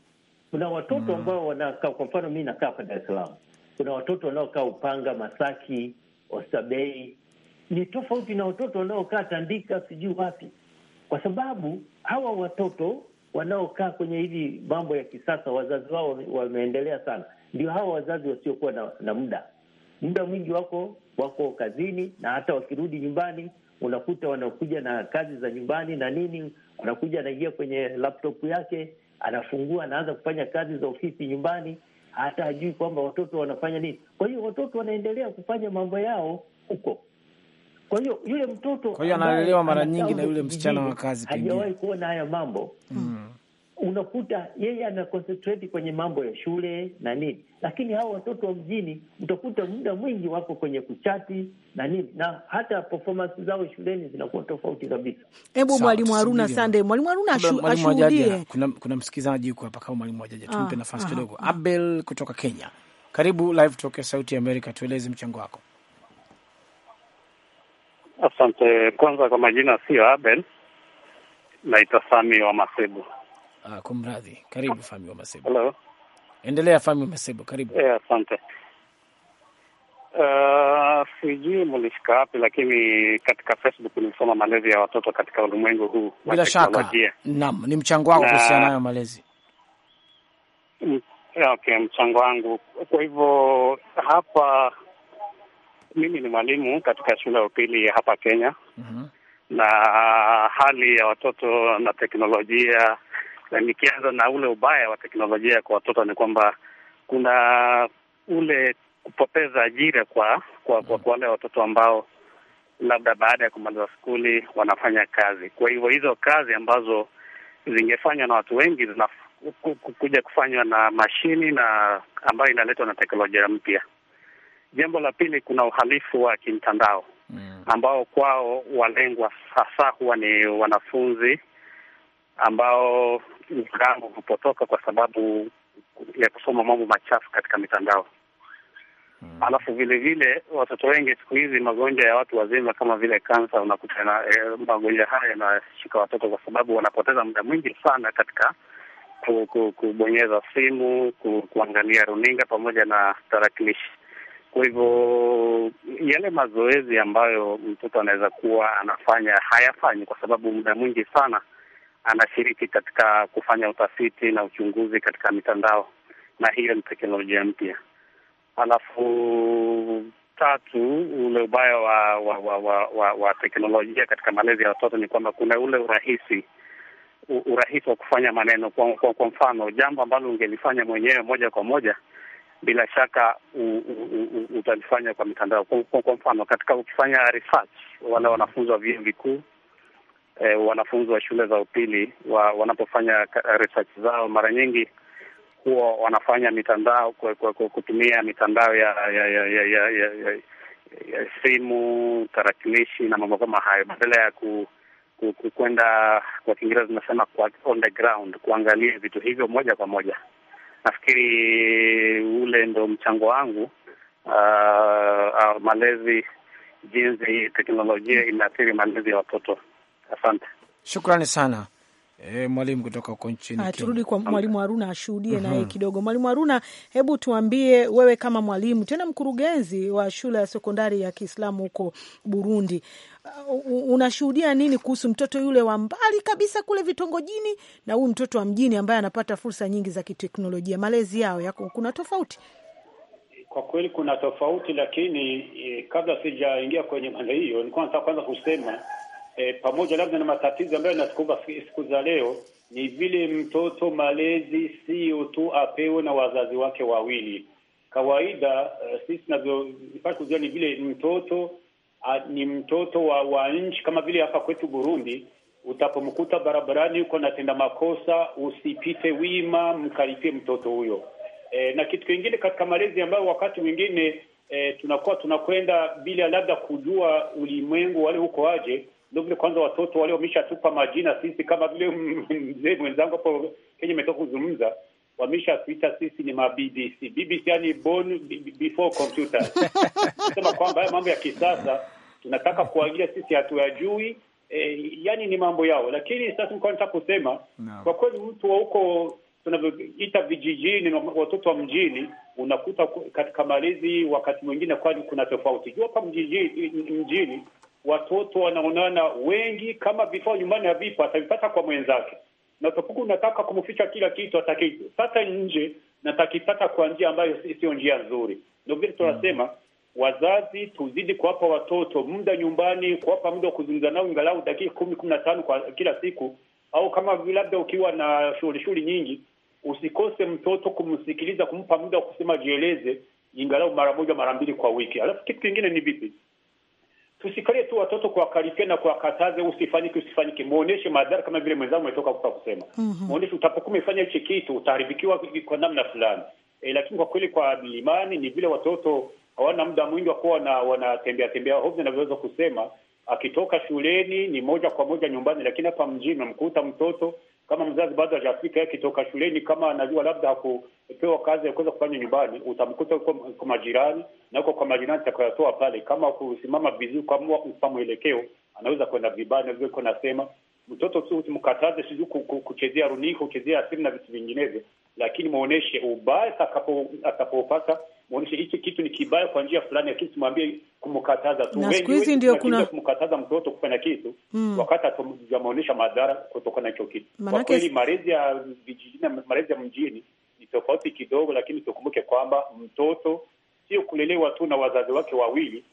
kuna watoto mm. ambao wanakaa, kwa mfano mi nakaa hapa Dar es Salaam, kuna watoto wanaokaa Upanga, Masaki, Oysterbay ni tofauti na watoto wanaokaa Tandika, sijui wapi, kwa sababu hawa watoto wanaokaa kwenye hivi mambo ya kisasa wazazi wao wameendelea sana, ndio hawa wazazi wasiokuwa na, na muda muda mwingi wako wako kazini, na hata wakirudi nyumbani unakuta wanakuja na kazi za nyumbani na nini, anakuja anaingia kwenye laptop yake, anafungua, anaanza kufanya kazi za ofisi nyumbani, hata hajui kwamba watoto wanafanya nini. Kwa hiyo watoto wanaendelea kufanya mambo yao huko, kwa hiyo yule mtoto, kwa hiyo analelewa mara nyingi na yule msichana wa kazi, hajawahi kuona haya mambo mm. Unakuta yeye anaconcentrate kwenye mambo ya shule na nini, lakini hao watoto wa mjini utakuta muda mwingi wako kwenye kuchati na nini, na hata performance zao shuleni zinakuwa tofauti kabisa. Hebu mwalimu Haruna Sande, mwalimu Haruna ashuhudie. Kuna, kuna msikilizaji huko hapa, kama mwalimu Wajaja, tumpe ah, nafasi ah. kidogo. Abel kutoka Kenya, karibu Live Talk ya Sauti ya Amerika, tueleze mchango wako. Asante. Kwanza kwa majina sio Aben, naitwa Fami wa Masebu. Ah, kumradhi. Karibu Fami wa Masebu. Hello. Endelea Fami wa Masebu, karibu. Eh, asante. Uh, sijui mulifika wapi, lakini katika Facebook nilisoma malezi ya watoto katika ulimwengu huu bila shaka. Naam, ni mchango wako kuhusiana nayo malezi. Mm, okay, mchango wangu. Kwa hivyo hapa mimi ni mwalimu katika shule ya upili hapa Kenya. mm-hmm. na hali ya watoto na teknolojia, nikianza na ule ubaya wa teknolojia kwa watoto ni kwamba kuna ule kupoteza ajira kwa kwa kwa wale watoto ambao labda baada ya kumaliza skuli wanafanya kazi. Kwa hivyo hizo kazi ambazo zingefanywa na watu wengi zinakuja kufanywa na mashini na ambayo inaletwa na teknolojia mpya. Jambo la pili, kuna uhalifu wa kimtandao mm, ambao kwao walengwa hasa huwa ni wanafunzi ambao mgamo hupotoka kwa sababu ya kusoma mambo machafu katika mitandao mm. Alafu vile vile watoto wengi siku hizi magonjwa ya watu wazima kama vile kansa unakutana, eh, magonjwa haya yanashika watoto kwa sababu wanapoteza muda mwingi sana katika kubonyeza simu, kuangalia runinga pamoja na tarakilishi. Kwa hivyo yale mazoezi ambayo mtoto anaweza kuwa anafanya hayafanyi, kwa sababu muda mwingi sana anashiriki katika kufanya utafiti na uchunguzi katika mitandao, na hiyo ni teknolojia mpya. Alafu tatu, ule ubaya wa wa, wa, wa, wa, wa teknolojia katika malezi ya watoto ni kwamba kuna ule urahisi urahisi wa kufanya maneno kwa, kwa, kwa mfano jambo ambalo ungelifanya mwenyewe moja kwa moja bila shaka utalifanya kwa mitandao. Kwa, kwa mfano katika ukifanya research, wale wanafunzi wa vyuo vikuu e, wanafunzi wa shule za upili wa, wanapofanya research zao mara nyingi huwa wanafanya mitandao kwa, kwa, kwa kutumia mitandao ya, ya, ya, ya, ya, ya, ya, ya simu, tarakilishi na mambo kama hayo badala ya ku kwenda ku, kwa Kiingereza tunasema kwa on the ground kuangalia vitu hivyo moja kwa moja nafikiri ule ndo mchango wangu, uh, malezi, jinsi teknolojia inaathiri malezi ya watoto. Asante, shukrani sana. E, mwalimu kutoka huko nchini. Turudi kwa mwalimu Haruna ashuhudie mhm. naye kidogo. Mwalimu Haruna, hebu tuambie wewe, kama mwalimu tena mkurugenzi wa shule ya sekondari ya Kiislamu huko Burundi, unashuhudia nini kuhusu mtoto yule wa mbali kabisa kule vitongojini na huyu mtoto wa mjini ambaye anapata fursa nyingi za kiteknolojia? Malezi yao yako, kuna tofauti? Kwa kweli kuna tofauti, lakini eh, kabla sijaingia kwenye mada hiyo, nilikuwa nataka kwanza kusema e, pamoja labda na matatizo ambayo yanatukumba siku za leo, ni vile mtoto malezi sio tu apewe na wazazi wake wawili. Kawaida uh, sisi tunavyopata kujua ni vile mtoto uh, ni mtoto wa, wa nchi kama vile hapa kwetu Burundi, utapomkuta barabarani yuko anatenda makosa, usipite wima, mkaripie mtoto huyo. E, na kitu kingine katika malezi ambayo wakati mwingine e, tunakuwa tunakwenda bila labda kujua ulimwengu wale huko aje ndugu, kwanza watoto wale wameshatupa majina, sisi kama vile mzee mwenzangu hapo Kenya imetoka kuzungumza wamesha wameshatuita sisi ni mabbc BBC yani born before computer. Sema kwamba haya mambo ya kisasa tunataka kuagia sisi hatuyajui. E, yani ni mambo yao, lakini sasa nilikuwa nataka kusema no. Kwa kweli mtu wa huko tunavyoita vijijini na watoto wa mjini, unakuta katika malezi wakati mwingine kwani kuna tofauti juu hapa mjini, mjini watoto wanaonana wengi, kama vifaa nyumbani havipo atavipata kwa mwenzake, na utakuwa unataka kumficha kila kitu atakito sasa nje, na atakipata kwa njia ambayo sio njia nzuri. Ndio vile tunasema mm. Wazazi tuzidi kuwapa watoto muda nyumbani, kuwapa muda wa kuzungumza nao ingalau dakika kumi kumi na tano kwa kila siku, au kama labda ukiwa na shughuli shughuli nyingi, usikose mtoto kumsikiliza, kumpa muda wa kusema jieleze, ingalau mara moja mara mbili kwa wiki. Alafu kitu kingine ni vipi Tusikalie tu watoto kuwakaripia na kuwakataze, usifanyike, usifanyike. Muoneshe madhara, kama vile mwenzangu ametoka kupa kusema mhm. muoneshe, mm -hmm. Utapokuwa umefanya hichi kitu utaharibikiwa kwa namna fulani e, lakini kwa kweli kwa milimani ni vile watoto hawana muda mwingi wa kuwa na wanatembea tembea hovyo, navyoweza kusema akitoka shuleni ni moja kwa moja nyumbani, lakini hapa mjini unamkuta mtoto kama mzazi bado hajafika akitoka shuleni, kama anajua labda hakupewa kazi ya kuweza kufanya nyumbani, utamkuta uko kwa majirani, na uko kwa majirani takayatoa pale, kama kusimama vizuri, kama upa mwelekeo, anaweza kwenda vibaya vilivyokuwa nasema mtoto tu mkataze, sijui kuchezea runinga, kuchezea simu na vitu vinginevyo, lakini muoneshe ubaya atakapopata, muoneshe hichi kitu ni kibaya kwa njia fulani, lakini tumwambie kumkataza tu. Na siku hizi ndio kuna kumkataza mtoto kufanya kitu mm, wakati atamaonyesha madhara kutokana na hicho kitu. Kwa kweli malezi ya vijijini na malezi ya mjini ni tofauti kidogo, lakini tukumbuke kwamba mtoto sio kulelewa tu na wazazi wake wawili,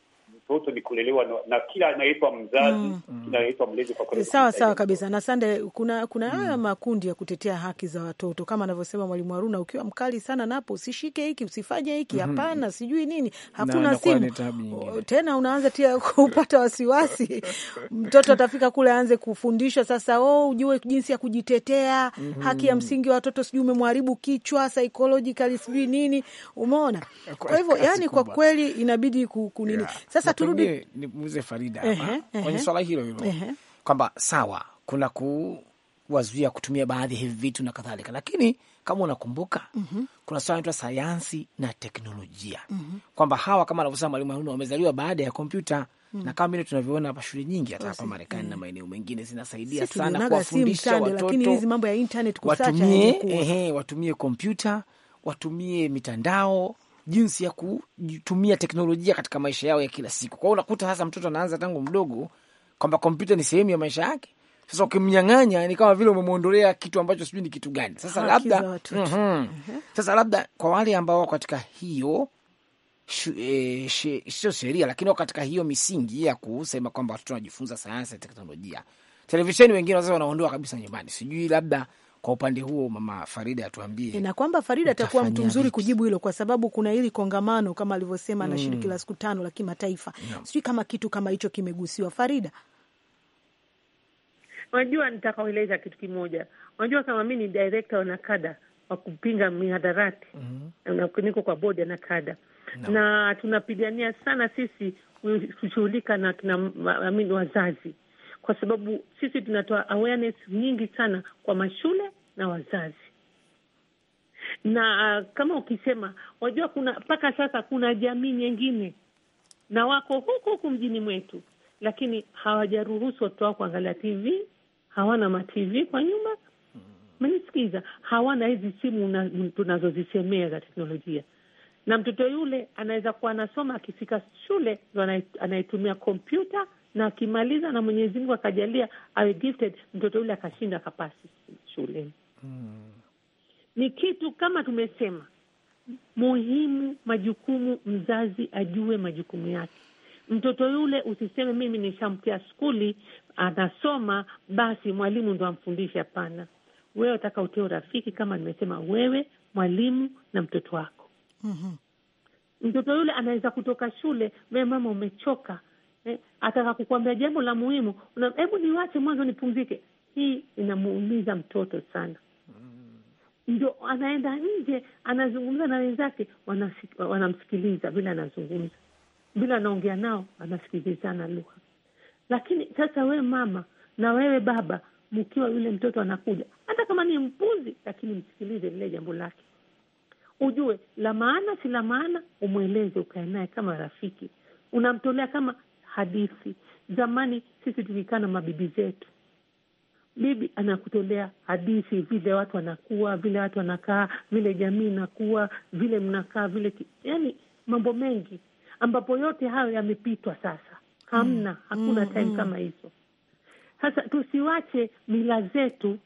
mtoto ni kulelewa na, na kila anaitwa mzazi mm. kila anaitwa mlezi kwa sawa sawa kabisa. Na Sande, kuna kuna haya mm. makundi ya kutetea haki za watoto kama anavyosema Mwalimu Haruna, ukiwa mkali sana napo usishike hiki usifanye hiki mm-hmm. hapana, mm -hmm. sijui nini, hakuna simu tena, unaanza tia kupata wasiwasi mtoto atafika kule aanze kufundishwa sasa, oh, ujue jinsi ya kujitetea mm -hmm. haki ya msingi wa watoto, sijui umemharibu kichwa psychologically sijui nini, umeona. Kwa hivyo yani, kwa kweli inabidi kunini sasa turudi nimuuze Farida hapa kwenye swala hilo hilo kwamba sawa, kuna kuwazuia kutumia baadhi ya hivi vitu na kadhalika, lakini kama unakumbuka mm -hmm. kuna swala inaitwa sayansi na teknolojia mm -hmm. kwamba hawa kama anavyosema Mwalimu Haruna wamezaliwa baada ya kompyuta mhm. na kama vile tunavyoona hapa shule nyingi hata hapa Marekani na mhm. maeneo mengine zinasaidia sana kuwafundisha watoto watumie kompyuta, watumie mitandao jinsi ya kutumia teknolojia katika maisha yao ya kila siku. Kwa hiyo unakuta sasa mtoto anaanza tangu mdogo kwamba kompyuta ni sehemu ya maisha yake. Sasa ukimnyang'anya ni kama vile umemwondolea kitu ambacho sijui ni kitu gani. Sasa labda mm -hmm. Sasa labda kwa wale ambao wako katika hiyo e, sio sheria lakini wako katika hiyo misingi ya kusema kwamba watoto wanajifunza sayansi ya teknolojia, televisheni wengine sasa wanaondoa kabisa nyumbani, sijui labda kwa upande huo, mama Farida atuambie, e, na kwamba Farida atakuwa mtu mzuri kujibu hilo, kwa sababu kuna hili kongamano kama alivyosema, mm, na shiriki la siku tano la kimataifa no. Sijui kama kitu kama hicho kimegusiwa Farida. Unajua, nitakaeleza kitu kimoja. Unajua, kama mi ni direkta na kada wa kupinga mihadharati mm -hmm. niko kwa bodi na kada no. na tunapigania sana sisi kushughulika na kina wazazi kwa sababu sisi tunatoa awareness nyingi sana kwa mashule na wazazi na uh, kama ukisema wajua, kuna mpaka sasa kuna jamii nyingine na wako huku huku mjini mwetu, lakini hawajaruhusu watoto wao kuangalia TV, hawana matv kwa nyumba menisikiza, hawana hizi simu tunazozisemea za teknolojia, na mtoto yule anaweza kuwa anasoma, akifika shule ndo anaitumia kompyuta na akimaliza na Mwenyezi Mungu akajalia awe gifted, mtoto yule akashinda akapasi shuleni. mm. Ni kitu kama tumesema muhimu, majukumu, mzazi ajue majukumu yake. Mtoto yule usiseme mimi nishamkia skuli anasoma basi mwalimu ndo amfundishe. Hapana, wewe wataka utie urafiki, kama nimesema, wewe mwalimu na mtoto wako. mm -hmm. Mtoto yule anaweza kutoka shule, we mama, umechoka eh, ataka kukuambia jambo la muhimu, hebu niwache mwanzo nipumzike. Hii inamuumiza mtoto sana. Mm. Ndio anaenda nje, anazungumza na wenzake, wanamsikiliza vile anazungumza, bila anaongea nao, anasikilizana lugha. Lakini sasa we mama na wewe baba, mkiwa yule mtoto anakuja, hata kama ni mpuzi, lakini msikilize lile jambo lake, ujue la maana si la maana, umweleze, ukae naye kama rafiki, unamtolea kama hadithi. Zamani sisi tulikaa na mabibi zetu, bibi anakutolea hadithi, vile watu wanakuwa, vile watu wanakaa, vile jamii inakuwa, vile mnakaa, vile yani mambo mengi, ambapo yote hayo yamepitwa sasa. Hamna, mm, hakuna mm, time mm. kama hizo. Sasa tusiwache mila zetu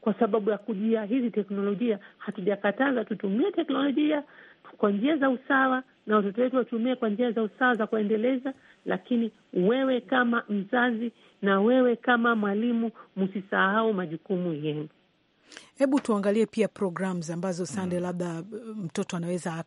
kwa sababu ya kujia hizi teknolojia. Hatujakataza tutumie teknolojia kwa njia za usawa, na watoto wetu watumie kwa njia za usawa za kuendeleza. Lakini wewe kama mzazi na wewe kama mwalimu, msisahau majukumu yenu. Hebu tuangalie pia programs ambazo sande, mm. labda uh, mtoto anaweza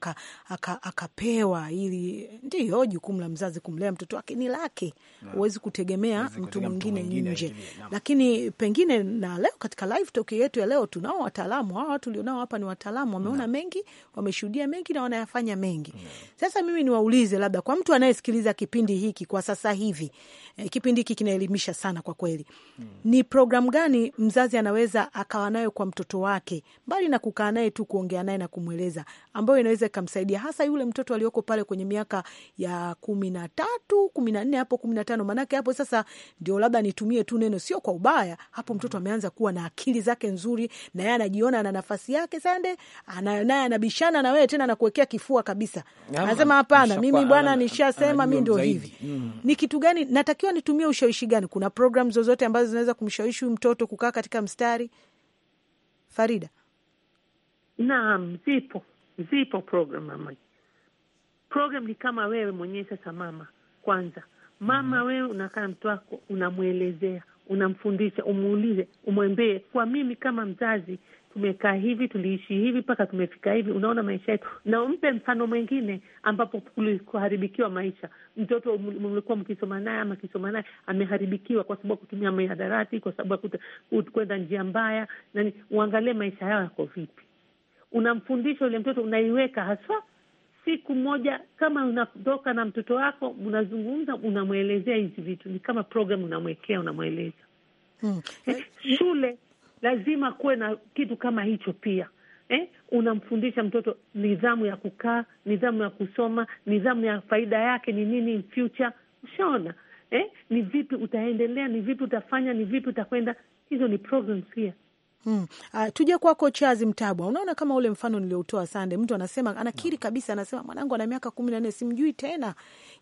akapewa aka, aka, ili ndiyo jukumu la mzazi kumlea mtoto wake ni lake, huwezi kutegemea mtu mwingine nje. Lakini pengine na leo katika live talk yetu ya leo tunao wataalamu hawa, watu ulionao hapa ni wataalamu, wameona na. mengi, wameshuhudia mengi na wanayafanya mengi. na. Sasa mimi niwaulize labda kwa mtu anayesikiliza kipindi hiki kwa sasa hivi, eh, kipindi hiki kinaelimisha sana kwa kweli, mm. ni program gani mzazi anaweza akawa nayo kwa mtu mtoto wake, mbali na kukaa naye tu kuongea naye na kumweleza, ambayo inaweza ikamsaidia hasa yule mtoto alioko pale kwenye miaka ya kumi na tatu kumi na nne hapo kumi na tano Maanake hapo sasa ndio labda nitumie tu neno, sio kwa ubaya, hapo mtoto ameanza kuwa na akili zake nzuri, na yeye anajiona ana nafasi yake. Sande naye anabishana na wewe tena, nakuwekea kifua kabisa, anasema hapana, mimi bwana nishasema, mi ndio hivi. Mm. Ni kitu gani natakiwa nitumie, ushawishi gani? Kuna program zozote ambazo zinaweza kumshawishi mtoto kukaa katika mstari? Farida? Naam, zipo zipo program mama. Program ni kama wewe mwenyewe sasa mama, kwanza mama mm. Wewe unakaa mtu wako, unamwelezea, unamfundisha, umuulize, umwembee. Kwa mimi kama mzazi tumekaa hivi, tuliishi hivi mpaka tumefika hivi, unaona maisha yetu. Na umpe mfano mwingine ambapo kulikuharibikiwa maisha, mtoto mlikuwa mkisoma naye ama kisoma naye ameharibikiwa kwa sababu ya kutumia mihadarati, kwa sababu ya kwenda njia mbaya. Nani, uangalie maisha yao yako vipi? Unamfundisha yule mtoto, unaiweka haswa siku moja kama unatoka na mtoto wako, unazungumza, unamwelezea hizi vitu, ni kama programu unamwekea, unamweleza hmm. Eh, shule lazima kuwe na kitu kama hicho pia. Eh, unamfundisha mtoto nidhamu ya kukaa, nidhamu ya kusoma, nidhamu ya faida yake ni nini in future. Ushaona eh, ni vipi utaendelea, ni vipi utafanya, ni vipi utakwenda. Hizo ni programs Hmm. Uh, tuje kwako Chazi Mtabwa, unaona kama ule mfano nilioutoa Sande, mtu anasema anakiri kabisa, anasema mwanangu ana miaka kumi na nne simjui tena.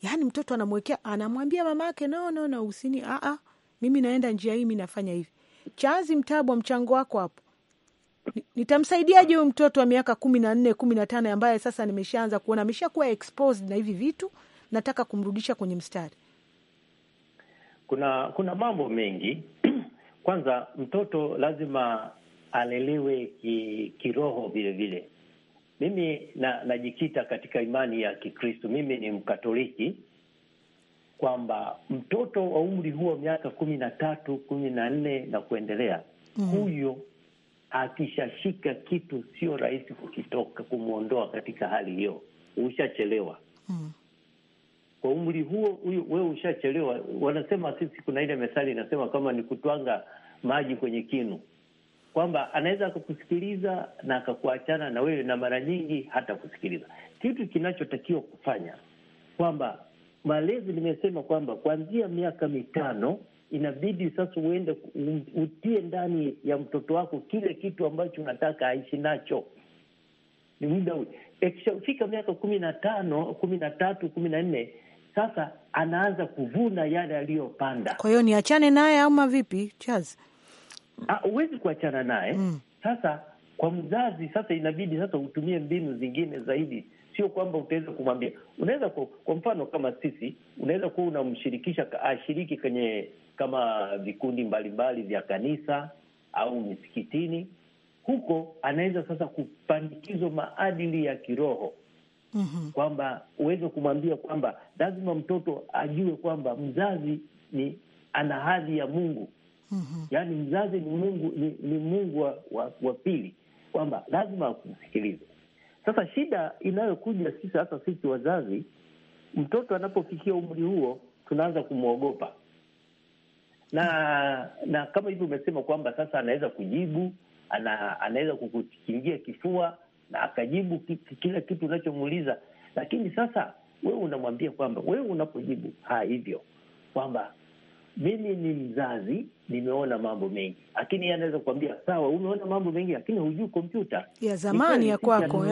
yani mtoto anamwekea anamwambia mama yake no, no, no, usini, a a, mimi naenda njia hii, mi nafanya hivi Chazi Mtabwa, mchango wako hapo nitamsaidiaje huyu mtoto wa miaka kumi na nne kumi na tano ambaye sasa nimeshaanza kuona ameshakuwa exposed na hivi vitu, nataka kumrudisha kwenye mstari. Kuna kuna mambo mengi. Kwanza mtoto lazima alelewe kiroho ki vilevile. Mimi na, najikita katika imani ya Kikristo. Mimi ni Mkatoliki kwamba mtoto wa umri huo wa miaka kumi na tatu kumi na nne na kuendelea mm -hmm. huyo akishashika kitu sio rahisi kukitoka kumwondoa katika hali hiyo, ushachelewa mm. Kwa umri huo huyo, wewe ushachelewa. Wanasema sisi, kuna ile methali inasema kama ni kutwanga maji kwenye kinu, kwamba anaweza akakusikiliza na akakuachana na wewe, na mara nyingi hata kusikiliza. Kitu kinachotakiwa kufanya kwamba malezi limesema kwamba kuanzia miaka mitano inabidi sasa uende utie ndani ya mtoto wako kile kitu ambacho unataka aishi nacho. Ni muda ikishafika miaka kumi na tano kumi na tatu kumi na nne sasa anaanza kuvuna yale aliyopanda. Kwa hiyo ni achane naye ama vipi? Chaz, ah, huwezi kuachana naye mm. Sasa kwa mzazi sasa inabidi sasa utumie mbinu zingine zaidi sio kwamba utaweza kumwambia. Unaweza kwa, kwa mfano kama sisi, unaweza kuwa unamshirikisha ashiriki kwenye kama vikundi mbalimbali vya kanisa au misikitini, huko anaweza sasa kupandikizwa maadili ya kiroho mm -hmm. kwamba uweze kumwambia kwamba lazima mtoto ajue kwamba mzazi ni ana hadhi ya Mungu mm -hmm. yaani mzazi ni Mungu, ni, ni Mungu wa, wa, wa pili kwamba lazima akusikilize sasa shida inayokuja sisi hasa sisi wazazi, mtoto anapofikia umri huo tunaanza kumwogopa na na kama hivyo umesema kwamba sasa anaweza kujibu ana, anaweza kukuchingia kifua na akajibu kila kitu unachomuuliza, lakini sasa wewe unamwambia kwamba wewe unapojibu haa hivyo kwamba mimi ni mzazi, nimeona mambo mengi, lakini anaweza kuambia sawa, umeona mambo mengi, lakini hujui kompyuta ya zamani ya kwako.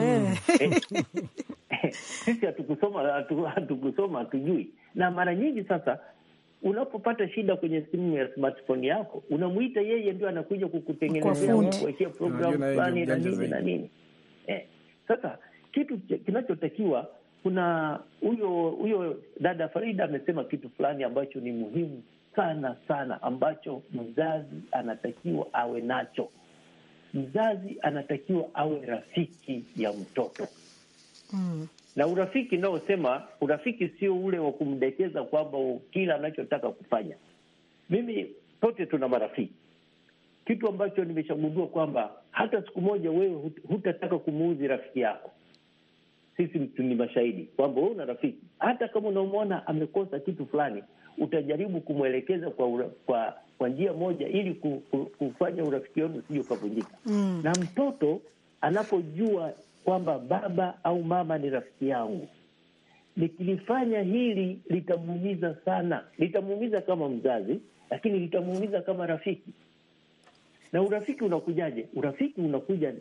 Sisi eh. hatukusoma, hatukusoma, hatujui. Na mara nyingi sasa unapopata shida kwenye simu ya smartphone yako, unamwita yeye, ndio anakuja kukutengenezea programu fulani na nini na nini. Eh, sasa kitu kinachotakiwa kuna huyo huyo dada Farida amesema kitu fulani ambacho ni muhimu sana sana ambacho mzazi anatakiwa awe nacho. Mzazi anatakiwa awe rafiki ya mtoto mm. Na urafiki naosema, urafiki sio ule wa kumdekeza kwamba kila anachotaka kufanya. Mimi sote tuna marafiki, kitu ambacho nimeshagundua kwamba hata siku moja wewe hutataka kumuuzi rafiki yako. Sisi ni mashahidi kwamba wewe una rafiki, hata kama unamwona amekosa kitu fulani utajaribu kumwelekeza kwa, kwa, kwa njia moja ili kufanya urafiki wenu usije ukavunjika. Mm. Na mtoto anapojua kwamba baba au mama ni rafiki yangu, nikilifanya hili litamuumiza sana, litamuumiza kama mzazi, lakini litamuumiza kama rafiki. Na urafiki unakujaje? Urafiki unakuja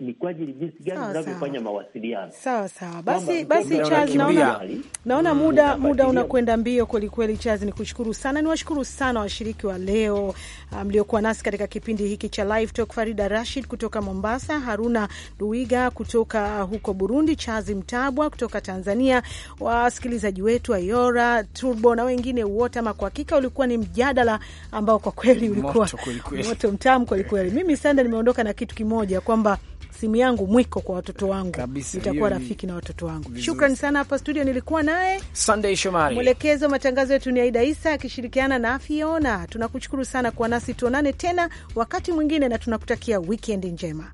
ni kwa ajili jinsi gani unavyofanya mawasiliano. Sawa sawa, basi basi, Charles, naona naona mm, muda muda unakwenda mbio kweli kweli. Charles, nikushukuru sana, niwashukuru sana washiriki wa leo uh, mliokuwa um, nasi katika kipindi hiki cha Live Talk, Farida Rashid kutoka Mombasa, Haruna Duiga kutoka uh, huko Burundi, Charles Mtabwa kutoka Tanzania, wasikilizaji wetu Ayora Turbo na wengine wote. Ama kwa hakika ulikuwa ni mjadala ambao kwa kweli ulikuwa moto, moto mtamu kwelikweli. Mimi sanda, nimeondoka na kitu kimoja kwamba simu yangu mwiko kwa watoto wangu, itakuwa rafiki na watoto wangu. Shukran sana. Hapa studio nilikuwa naye Sunday Shomari, mwelekezo wa matangazo yetu ni Aida Isa akishirikiana na Fiona. Tunakushukuru sana kuwa nasi, tuonane tena wakati mwingine, na tunakutakia wikendi njema.